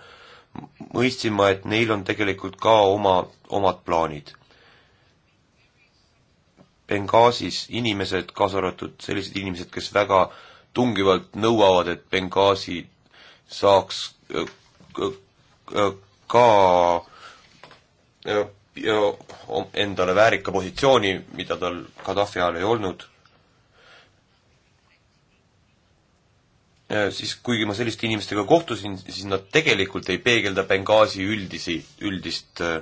mõistsin ma, et neil on tegelikult ka oma, omad plaanid. Benghazis inimesed, kaasa arvatud sellised inimesed, kes väga tungivalt nõuavad, et Benghazi saaks äh, ka äh, endale väärika positsiooni, mida tal Gaddafi ajal ei olnud Äh, siis kuigi ma selliste inimestega kohtusin, siis nad tegelikult ei peegelda Benghazi üldisi, üldist äh,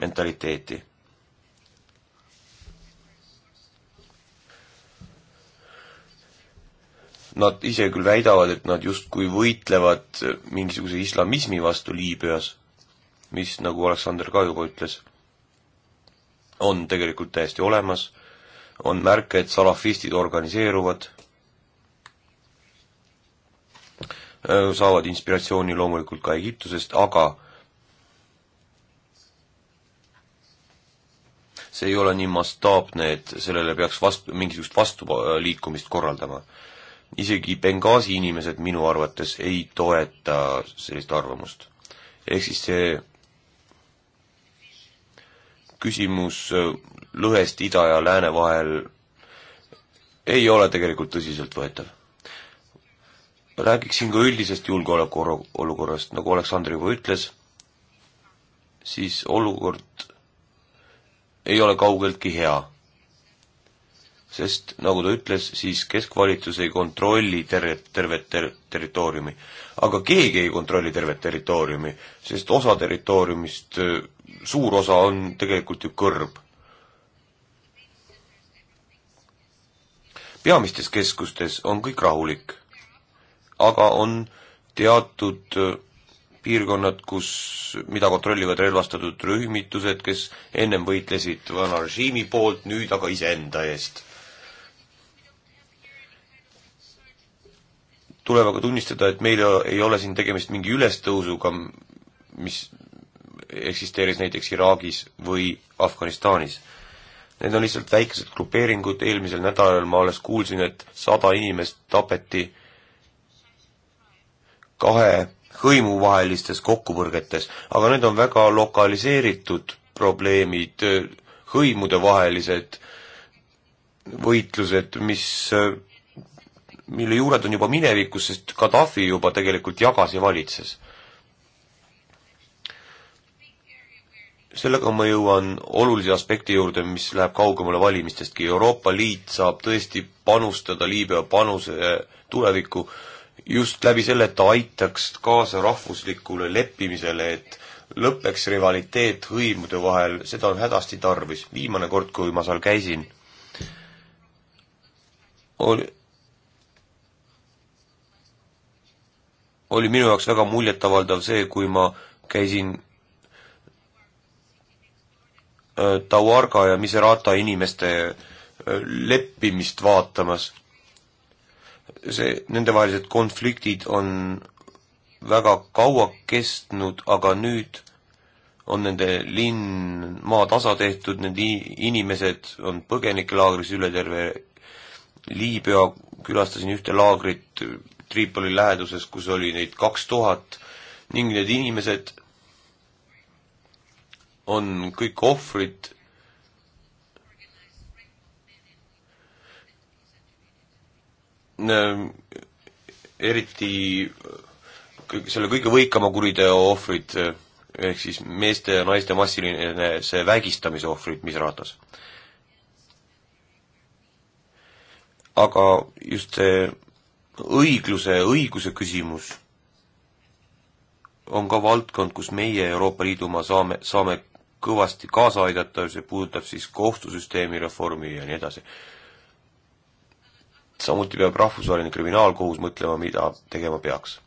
mentaliteeti. Nad ise küll väidavad, et nad justkui võitlevad äh, mingisuguse islamismi vastu Liibüas, mis, nagu Aleksander ka juba ütles, on tegelikult täiesti olemas, on märke, et salafistid organiseeruvad Äh, saavad inspiratsiooni loomulikult ka Egiptusest, aga see ei ole nii mastaapne, et sellele peaks vastu, mingisugust vastuliikumist korraldama. isegi Benghazi inimesed minu arvates ei toeta sellist arvamust. ehk siis see küsimus äh, lõhest ida ja lääne vahel ei ole tegelikult tõsiseltvõetav räägiksin ka üldisest julgeolekuolukorrast, nagu Aleksandr juba ütles, siis olukord ei ole kaugeltki hea. sest nagu ta ütles, siis keskvalitsus ei kontrolli ter-, tervet ter-, territooriumi. aga keegi ei kontrolli tervet territooriumi, sest osa territooriumist, suur osa on tegelikult ju kõrb. peamistes keskustes on kõik rahulik aga on teatud äh, piirkonnad, kus, mida kontrollivad relvastatud rühmitused, kes ennem võitlesid vana režiimi poolt, nüüd aga iseenda eest. tuleb aga tunnistada, et meil ei ole siin tegemist mingi ülestõusuga, mis eksisteeris näiteks Iraagis või Afganistanis. Need on lihtsalt väikesed grupeeringud, eelmisel nädalal ma alles kuulsin, et sada inimest tapeti kahe hõimu vahelistes kokkupõrgetes, aga need on väga lokaliseeritud probleemid, hõimudevahelised võitlused, mis, mille juured on juba minevikus, sest Gaddafi juba tegelikult jagas ja valitses. sellega ma jõuan olulise aspekti juurde, mis läheb kaugemale valimistestki, Euroopa Liit saab tõesti panustada Liibüa panuse eh, tulevikku äh, just läbi selle, et ta aitaks kaasa rahvuslikule leppimisele, et lõpeks rivaliteet hõimude vahel, seda on hädasti tarvis. viimane kord, kui ma seal käisin, oli, oli minu jaoks väga muljetavaldav see, kui ma käisin äh, Tauarga ja Miserata inimeste äh, leppimist vaatamas see, nendevahelised konfliktid on väga kaua kestnud, aga nüüd on nende linn maatasa tehtud, need inimesed on põgenikelaagris üle terve Liibüa, külastasin ühte laagrit Tripoli läheduses, kus oli neid kaks tuhat ning need inimesed on kõik ohvrid Ähm, eriti selle kõige võikama kuriteo ohvrid, eh, ehk siis meeste ja naiste massiline see vägistamise ohvrid Misratas. aga just see õigluse, õiguse küsimus on ka valdkond, kus meie Euroopa Liidumaa saame, saame kõvasti kaasa aidata, see puudutab siis kohtusüsteemi reformi ja nii edasi samuti peab rahvusvaheline kriminaalkohus mõtlema, mida tegema peaks.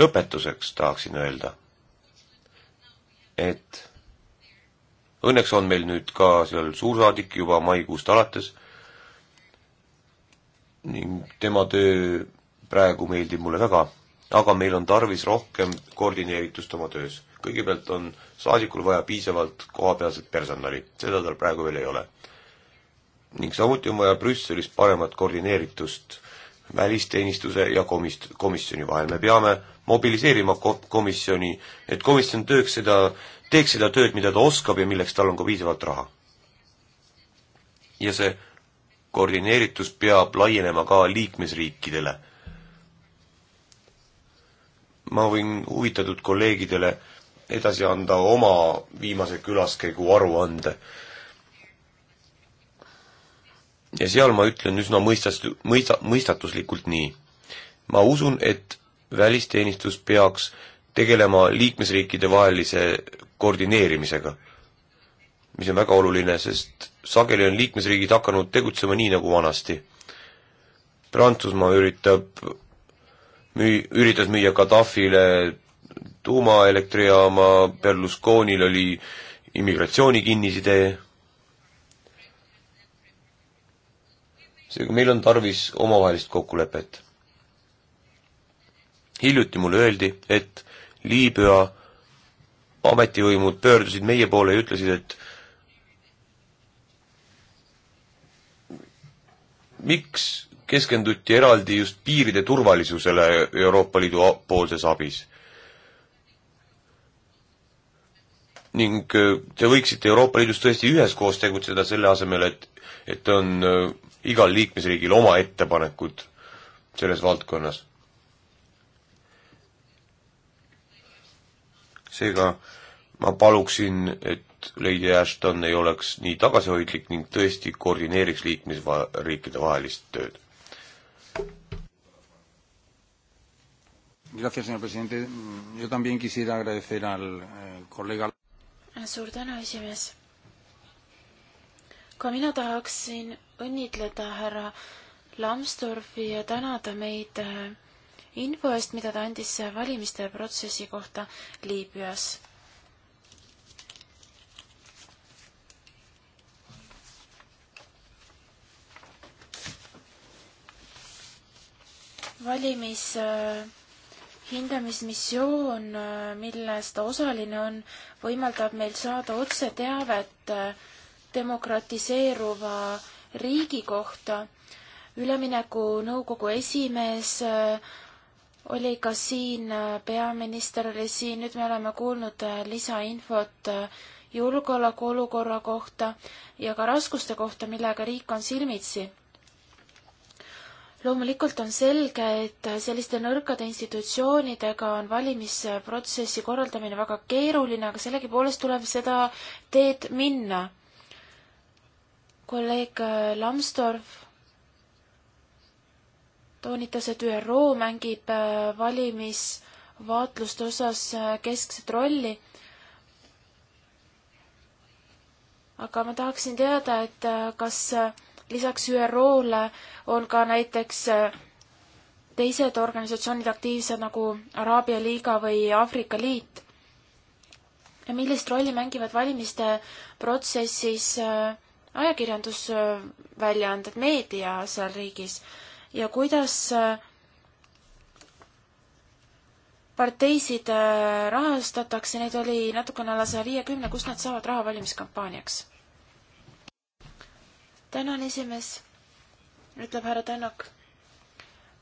lõpetuseks tahaksin öelda, et õnneks on meil nüüd ka seal suursaadik juba maikuust alates ning tema töö praegu meeldib mulle väga, aga meil on tarvis rohkem koordineeritust oma töös. kõigepealt on saadikul vaja piisavalt kohapealset personali, seda tal praegu veel ei ole ning samuti on vaja Brüsselis paremat koordineeritust välisteenistuse ja komist-, komisjoni vahel, me peame mobiliseerima ko-, komisjoni, et komisjon tööks seda, teeks seda tööd, mida ta oskab ja milleks tal on ka piisavalt raha. ja see koordineeritus peab laienema ka liikmesriikidele. ma võin huvitatud kolleegidele edasi anda oma viimase külaskäigu aruande ja seal ma ütlen üsna mõistast-, mõista-, mõistatuslikult nii. ma usun, et välisteenistus peaks tegelema liikmesriikide vahelise koordineerimisega, mis on väga oluline, sest sageli on liikmesriigid hakanud tegutsema nii, nagu vanasti. Prantsusmaa üritab, müü-, üritas müüa Gaddafile tuumaelektrijaama, Berlusconil oli immigratsioonikinnisidee, seega meil on tarvis omavahelist kokkulepet. hiljuti mulle öeldi, et Liibüa ametivõimud pöördusid meie poole ja ütlesid, et miks keskenduti eraldi just piiride turvalisusele Euroopa Liidu poolses abis? ning äh, te võiksite Euroopa Liidus tõesti üheskoos tegutseda, selle asemel et, et on äh, igal liikmesriigil oma ettepanekud selles valdkonnas. seega ma paluksin, et Lady Ashton ei oleks nii tagasihoidlik ning tõesti koordineeriks liikmesriikide vahelist tööd. Gracias, señor presidente. Yo también quisiera agradecer al eh, colega. Suur tänu, esimees ka mina tahaksin õnnitleda härra Lambsdorfi ja tänada meid äh, info eest, mida ta andis äh, valimiste protsessi kohta Liibüas. valimis äh, hindamismissioon, milles ta osaline on, võimaldab meil saada otseteavet äh, demokratiseeruva riigi kohta. üleminekunõukogu esimees äh, oli ka siin, äh, peaminister oli siin, nüüd me oleme kuulnud äh, lisainfot julgeolekuolukorra kohta ja ka raskuste kohta, millega riik on silmitsi. loomulikult on selge, et selliste nõrkade institutsioonidega on valimisprotsessi korraldamine väga keeruline, aga sellegipoolest tuleb seda teed minna kolleeg äh, Lambsdorff toonitas, et ÜRO mängib äh, valimisvaatluste osas äh, keskset rolli. aga ma tahaksin teada, et kas lisaks ÜRO-le on ka näiteks teised organisatsioonid aktiivsed nagu Araabia Liiga või Aafrika Liit? ja millist rolli mängivad valimiste protsessis äh, ajakirjandusväljaanded, meedia seal riigis ja kuidas äh, parteisid äh, rahastatakse, neid oli natukene alla saja viiekümne, kust nad saavad raha valimiskampaaniaks? tänan, esimees, ütleb härra Tänak.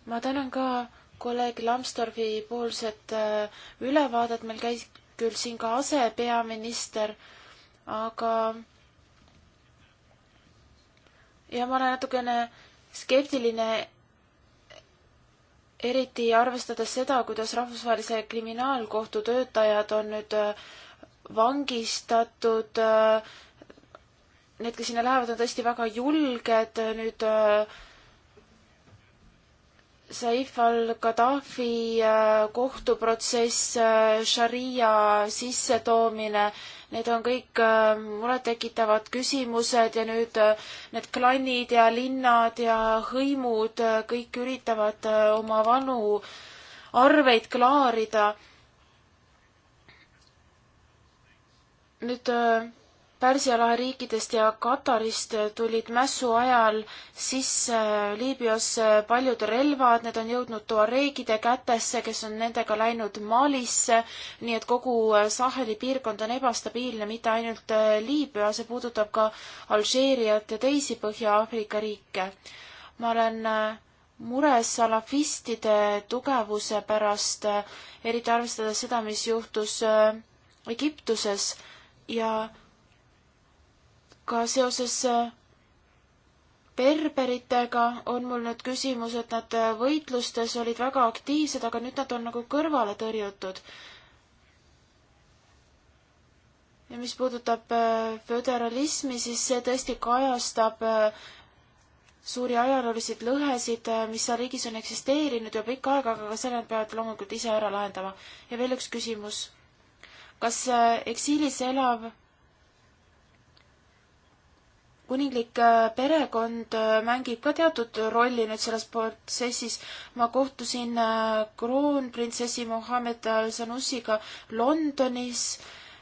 ma tänan ka kolleeg Lambsdorfi poolset äh, ülevaadet, meil käis küll siin ka asepeaminister, aga ja ma olen natukene skeptiline, eriti arvestades seda, kuidas Rahvusvahelise Kriminaalkohtu töötajad on nüüd äh, vangistatud. Äh, need, kes sinna lähevad, on tõesti väga julged, äh, nüüd Saif al-Gaddafi kohtuprotsess, šaria sissetoomine Need on kõik äh, murettekitavad küsimused ja nüüd äh, need klannid ja linnad ja hõimud äh, kõik üritavad oma vanu arveid klaarida. nüüd Pärsia lahe riikidest ja Katarist tulid mässu ajal sisse Liibüasse paljud relvad, need on jõudnud tuareegide kätesse, kes on nendega läinud Malisse, nii et kogu Saheli piirkond on ebastabiilne, mitte ainult Liibüa, see puudutab ka Alžeeriat ja teisi Põhja-Aafrika riike. ma olen äh, mures salafistide tugevuse pärast, äh, eriti arvestades seda, mis juhtus äh, Egiptuses ja ka seoses äh, berberitega on mul nüüd küsimus, et nad äh, võitlustes olid väga aktiivsed, aga nüüd nad on nagu kõrvale tõrjutud. ja mis puudutab äh, föderalismi, siis see tõesti kajastab suuri ajaloolisi lõhesid, mis seal riigis on eksisteerinud juba pikka aega, aga ka selle nad peavad loomulikult ise ära lahendama. ja veel üks küsimus. kas eksiilis elav kuninglik äh, perekond äh, mängib ka teatud rolli nüüd selles protsessis. ma kohtusin äh, kroonprintsessi Mohammed Al-Sanusiga Londonis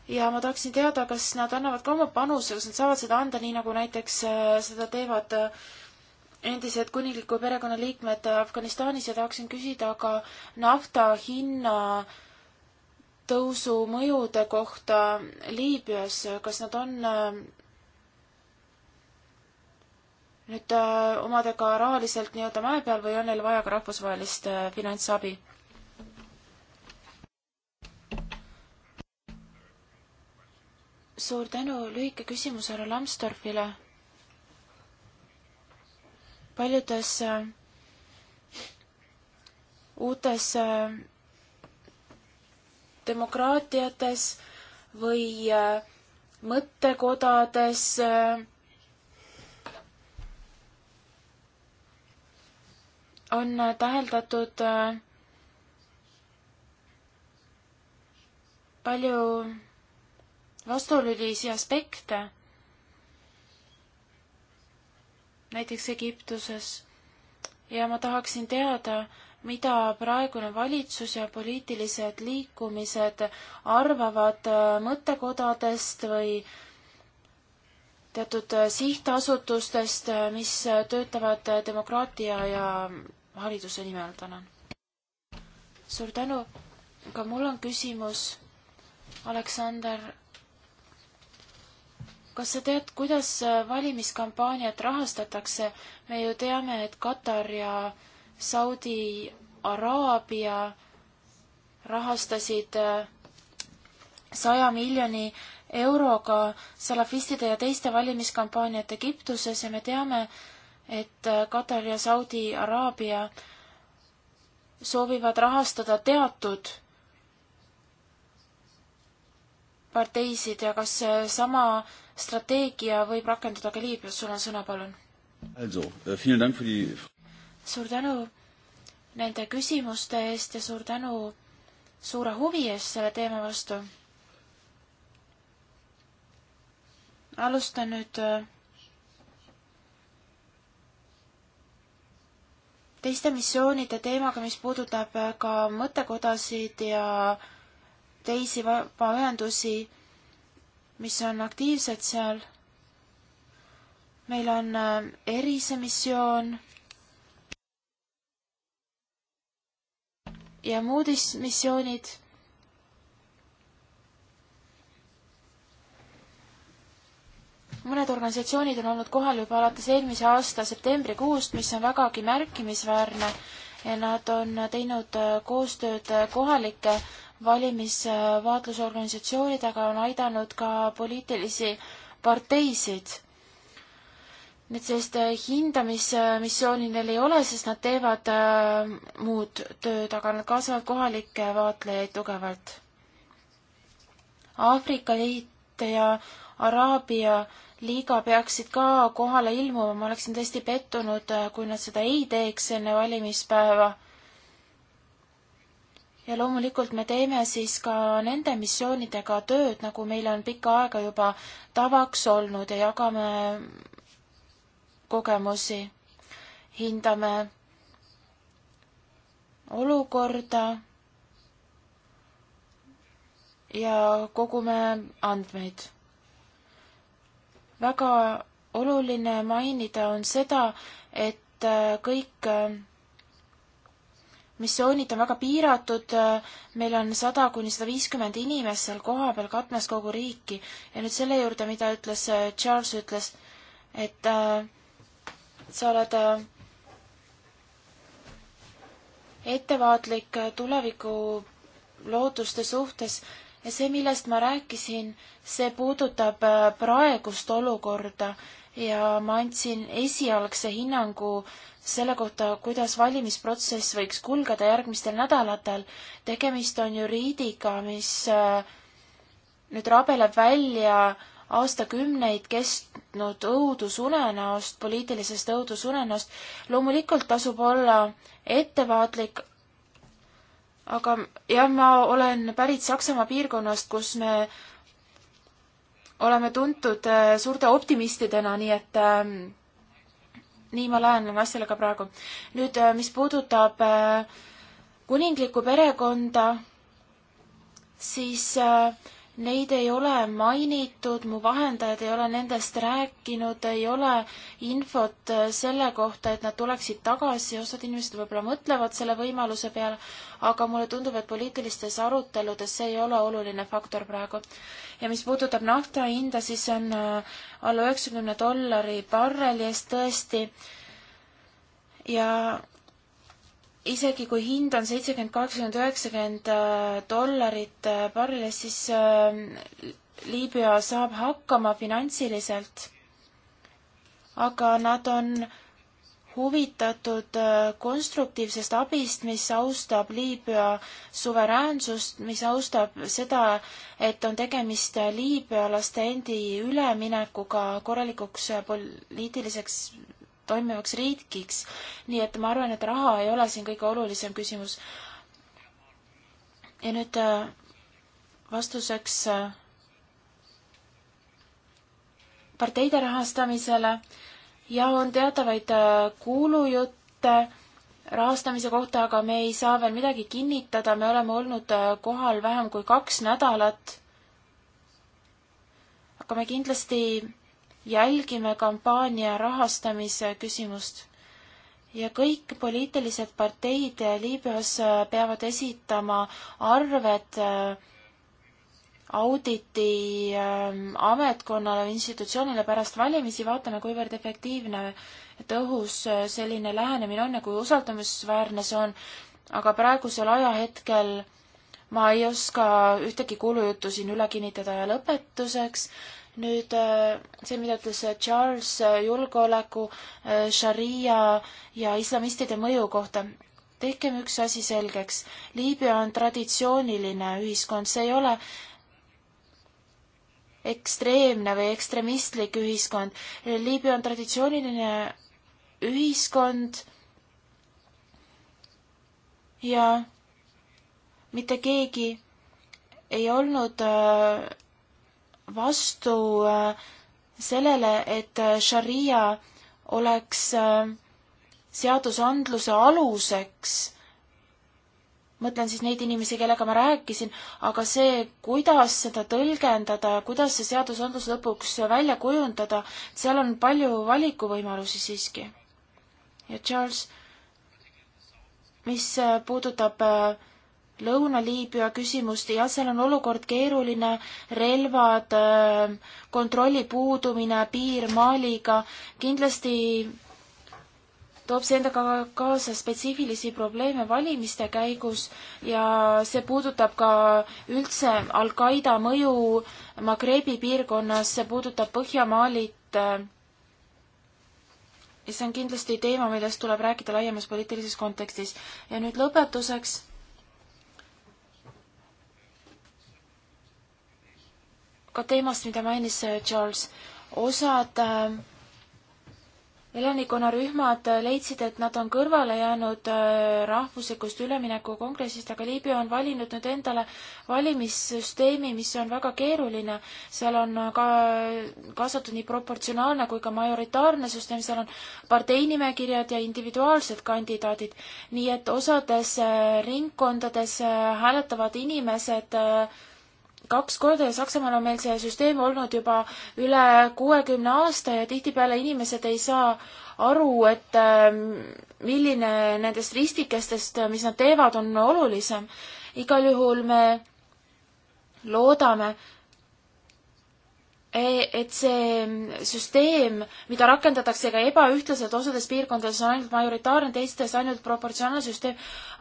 ja ma tahaksin teada, kas nad annavad ka oma panuse, kas nad saavad seda anda, nii nagu näiteks seda teevad endised kuningliku perekonna liikmed Afganistanis ja tahaksin küsida ka nafta hinna tõusu mõjude kohta Liibüas, kas nad on nüüd äh, omada ka rahaliselt nii-öelda mäe peal või on neil vaja ka rahvusvahelist äh, finantsabi? suur tänu, lühike küsimus härra Lambsdorffile. paljudes äh, uutes äh, demokraatiates või äh, mõttekodades äh, on täheldatud äh, palju vastuolulisi aspekte. näiteks Egiptuses ja ma tahaksin teada, mida praegune valitsus ja poliitilised liikumised arvavad äh, mõttekodadest või teatud äh, sihtasutustest, mis töötavad demokraatia ja hariduse nimel, tänan. suur tänu, aga mul on küsimus, Aleksander, kas sa tead, kuidas valimiskampaaniat rahastatakse? me ju teame, et Katar ja Saudi Araabia rahastasid äh, saja miljoni euroga salafistide ja teiste valimiskampaaniat Egiptuses ja me teame, et äh, Katar ja Saudi Araabia soovivad rahastada teatud parteisid ja kas äh, sama strateegia võib rakenduda ka Liibüas, sul on sõna, palun. Äh, suur tänu nende küsimuste eest ja suur tänu suure huvi eest selle teema vastu. alustan nüüd teiste missioonide teemaga, mis puudutab ka mõttekodasid ja teisi vabaühendusi, mis on aktiivsed seal. meil on äh, Erise missioon ja muud missioonid mõned organisatsioonid on olnud kohal juba alates eelmise aasta septembrikuust, mis on vägagi märkimisväärne ja nad on teinud äh, koostööd äh, kohalike valimisvaatlusorganisatsioonidega, on aidanud ka poliitilisi parteisid. nüüd sellist äh, hindamismissiooni neil ei ole, sest nad teevad muud tööd, aga nad kaasavad kohalikke vaatlejaid tugevalt. Aafrika Liit ja Araabia liiga peaksid ka kohale ilmuma, ma oleksin tõesti pettunud, äh, kui nad seda ei teeks enne valimispäeva. ja loomulikult me teeme siis ka nende missioonidega tööd, nagu meil on pikka aega juba tavaks olnud ja jagame kogemusi, hindame olukorda ja kogume andmeid väga oluline mainida on seda, et äh, kõik äh, missioonid on väga piiratud, äh, meil on sada kuni sada viiskümmend inimest seal kohapeal katmas kogu riiki ja nüüd selle juurde, mida ütles Charles, ütles, et äh, sa oled äh, ettevaatlik tuleviku lootuste suhtes ja see, millest ma rääkisin, see puudutab äh, praegust olukorda ja ma andsin esialgse hinnangu selle kohta, kuidas valimisprotsess võiks kulgeda järgmistel nädalatel. tegemist on juriidiga, mis äh, nüüd rabeleb välja aastakümneid kestnud õudusunenäost, poliitilisest õudusunenäost. loomulikult tasub olla ettevaatlik, aga jah, ma olen pärit Saksamaa piirkonnast, kus me oleme tuntud äh, suurte optimistidena, nii et äh, nii ma lähenen asjale ka praegu. nüüd, äh, mis puudutab äh, kuninglikku perekonda, siis äh, Neid ei ole mainitud, mu vahendajad ei ole nendest rääkinud, ei ole infot äh, selle kohta, et nad tuleksid tagasi, osad inimesed võib-olla mõtlevad selle võimaluse peale, aga mulle tundub, et poliitilistes aruteludes see ei ole oluline faktor praegu. ja mis puudutab nafta hinda, siis on äh, alla üheksakümne dollari barreli eest tõesti ja isegi kui hind on seitsekümmend, kaheksakümmend, üheksakümmend äh, dollarit äh, barrelis, siis äh, Liibüa saab hakkama finantsiliselt. aga nad on huvitatud konstruktiivsest abist, mis austab Liibüa suveräänsust, mis austab seda, et on tegemist liibüalaste endi üleminekuga korralikuks poliitiliseks toimivaks riikiks. nii et ma arvan, et raha ei ole siin kõige olulisem küsimus. ja nüüd äh, vastuseks äh, parteide rahastamisele ja on teatavaid äh, kuulujutte rahastamise kohta, aga me ei saa veel midagi kinnitada, me oleme olnud kohal vähem kui kaks nädalat. aga me kindlasti jälgime kampaania rahastamise küsimust ja kõik poliitilised parteid Liibüas peavad esitama arved äh, auditi ähm, ametkonnale või institutsioonile pärast valimisi, vaatame, kuivõrd efektiivne ja tõhus äh, selline lähenemine on ja kui usaldamisväärne see on. aga praegusel ajahetkel ma ei oska ühtegi kuulujuttu siin üle kinnitada ja lõpetuseks nüüd äh, see, mida ütles äh, Charles äh, julgeoleku, šaria ja islamistide mõju kohta. tehkem üks asi selgeks. Liibüa on traditsiooniline ühiskond, see ei ole ekstreemne või ekstremistlik ühiskond. Liibüa on traditsiooniline ühiskond ja mitte keegi ei olnud äh, vastu äh, sellele, et äh, šaria oleks äh, seadusandluse aluseks. mõtlen siis neid inimesi, kellega ma rääkisin, aga see, kuidas seda tõlgendada ja kuidas see seadusandlus lõpuks välja kujundada, seal on palju valikuvõimalusi siiski. ja Charles, mis puudutab äh, Lõuna-Liibüa küsimust, jah, seal on olukord keeruline, relvad, äh, kontrolli puudumine, piir Maliga, kindlasti toob see endaga kaasa spetsiifilisi probleeme valimiste käigus ja see puudutab ka üldse Al-Qaeda mõju Magrebi piirkonnas, see puudutab Põhjamaalit. Äh, ja see on kindlasti teema, millest tuleb rääkida laiemas poliitilises kontekstis. ja nüüd lõpetuseks ka teemast, mida mainis äh, Charles. osad äh, elanikkonnarühmad äh, leidsid, et nad on kõrvale jäänud rahvuslikust üleminekukongressist, aga Liibüa on valinud nüüd endale valimissüsteemi, mis on väga keeruline. seal on ka kaasatud nii proportsionaalne kui ka majoritaarne süsteem, seal on parteinimekirjad ja individuaalsed kandidaadid. nii et osades ringkondades hääletavad inimesed äh, kaks korda ja Saksamaal on meil see süsteem olnud juba üle kuuekümne aasta ja tihtipeale inimesed ei saa aru, et ähm, milline nendest ristikestest, mis nad teevad, on olulisem. igal juhul me loodame, E, et see süsteem, mida rakendatakse ka ebaühtlaselt, osades piirkondades on ainult majoritaarne, teistes ainult proportsionaalne süsteem,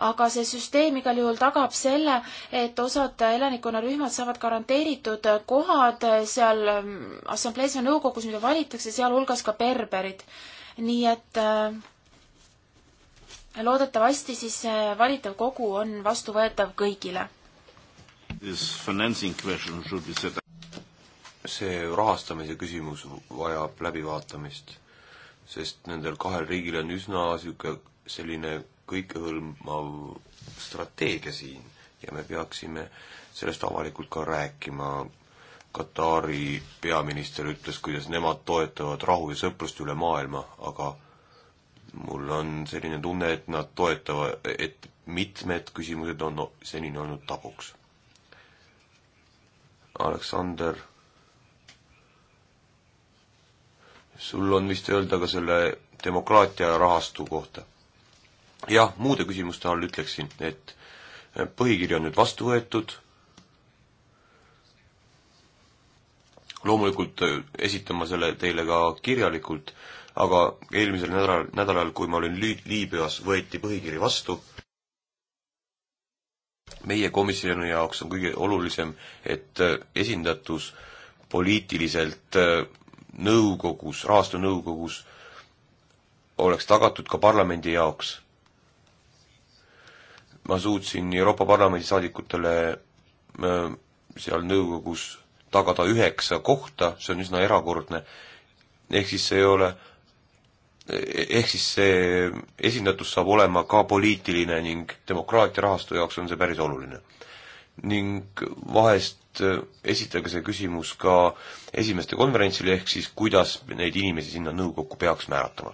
aga see süsteem igal juhul tagab selle, et osad elanikkonnarühmad saavad garanteeritud kohad seal ähm, assamblees ja nõukogus, mida valitakse, sealhulgas ka berberid. nii et äh, loodetavasti siis valitav kogu on vastuvõetav kõigile. This financing question should be set up see rahastamise küsimus vajab läbivaatamist, sest nendel kahel riigil on üsna niisugune selline kõikehõlmav strateegia siin ja me peaksime sellest avalikult ka rääkima. Katari peaminister ütles, kuidas nemad toetavad rahu ja sõprust üle maailma, aga mul on selline tunne, et nad toetavad, et mitmed küsimused on senini olnud tabuks. Aleksander sul on vist öelda ka selle demokraatia rahastu kohta? jah, muude küsimuste all ütleksin, et põhikiri on nüüd vastu võetud, loomulikult esitan ma selle teile ka kirjalikult, aga eelmisel nädalal, nädalal, kui ma olin Lii-, Liibüas, võeti põhikiri vastu, meie komisjoni jaoks on kõige olulisem, et esindatus poliitiliselt nõukogus, rahastunõukogus oleks tagatud ka parlamendi jaoks. ma suutsin Euroopa Parlamendi saadikutele äh, seal nõukogus tagada üheksa kohta, see on üsna erakordne, ehk siis see ei ole, ehk siis see esindatus saab olema ka poliitiline ning demokraatia rahastu jaoks on see päris oluline. ning vahest Äh, esitage see küsimus ka esimeste konverentsil, ehk siis kuidas neid inimesi sinna nõukokku peaks määratama.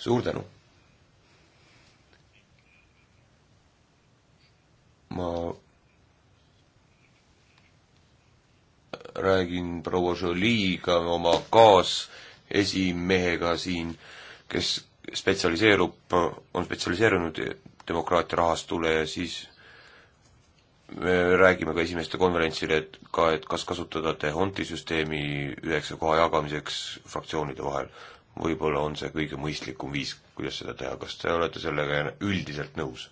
suur tänu! ma räägin proua Jolie'ga, oma kaasesimehega siin, kes spetsialiseerub, on spetsialiseerunud demokraatia rahastule ja siis me räägime ka esimeste konverentsil, et ka, et kas kasutada Tehonti süsteemi üheksa koha jagamiseks fraktsioonide vahel. võib-olla on see kõige mõistlikum viis, kuidas seda teha, kas te olete sellega üldiselt nõus?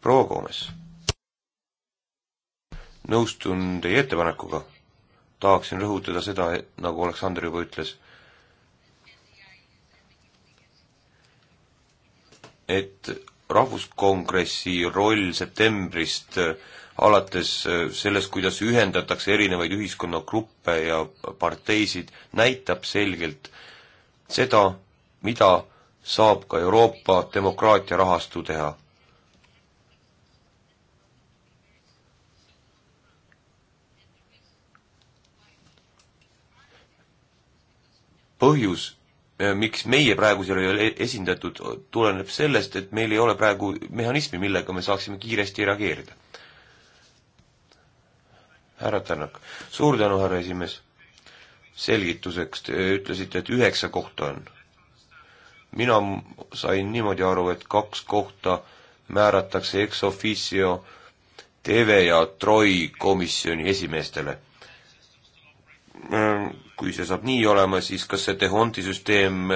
proua Koomes. nõustun teie ettepanekuga. tahaksin rõhutada seda, nagu Aleksander juba ütles et rahvuskongressi roll septembrist äh, alates äh, sellest, kuidas ühendatakse erinevaid ühiskonnagruppe ja parteisid, näitab selgelt seda, mida saab ka Euroopa demokraatia rahastu teha. põhjus, Äh, miks meie praegu seal ei ole esindatud, tuleneb sellest, et meil ei ole praegu mehhanismi, millega me saaksime kiiresti reageerida. härra Tänak, suur tänu, härra esimees. selgituseks, te ütlesite, et üheksa kohta on. mina sain niimoodi aru, et kaks kohta määratakse ex officio TV ja Troi komisjoni esimeestele äh, kui see saab nii olema, siis kas see Tehonti süsteem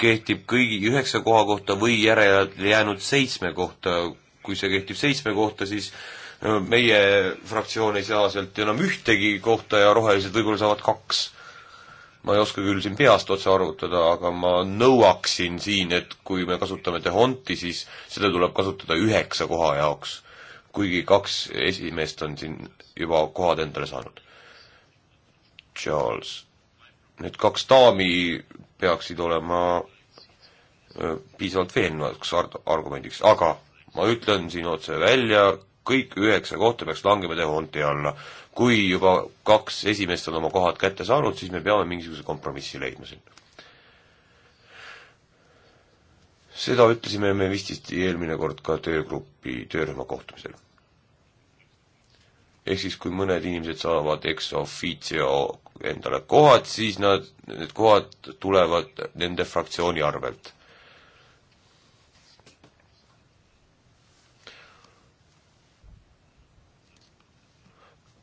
kehtib kõigi üheksa koha kohta või järele jäänud seitsme kohta, kui see kehtib seitsme kohta, siis äh, meie fraktsioon ei saa sealt enam ühtegi kohta ja rohelised võib-olla saavad kaks. ma ei oska küll siin peast otse arvutada, aga ma nõuaksin siin, et kui me kasutame Tehonti, siis seda tuleb kasutada üheksa koha jaoks. kuigi kaks esimest on siin juba kohad endale saanud. Charles Need kaks daami peaksid olema piisavalt veenvaks argumendiks, aga ma ütlen siin otse välja, kõik üheksa kohta peaks langema Deonti alla. kui juba kaks esimest on oma kohad kätte saanud, siis me peame mingisuguse kompromissi leidma siin. seda ütlesime me vist eelmine kord ka töögrupi töörühma kohtumisel. ehk siis, kui mõned inimesed saavad ex officio endale kohad, siis nad, need kohad tulevad nende fraktsiooni arvelt.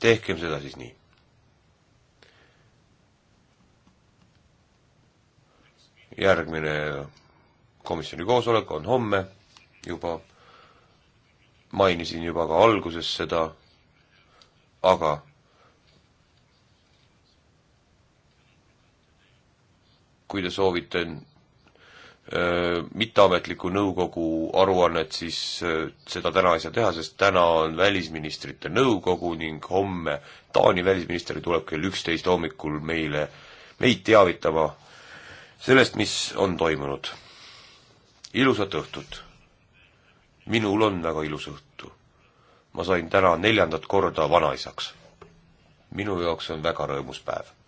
tehkem seda siis nii. järgmine komisjoni koosolek on homme juba, mainisin juba ka alguses seda, aga kui te soovite mitteametliku nõukogu aruannet, siis seda täna ei saa teha, sest täna on välisministrite nõukogu ning homme Taani välisminister tuleb kell üksteist hommikul meile, meid teavitama sellest, mis on toimunud. ilusat õhtut! minul on väga ilus õhtu. ma sain täna neljandat korda vanaisaks. minu jaoks on väga rõõmus päev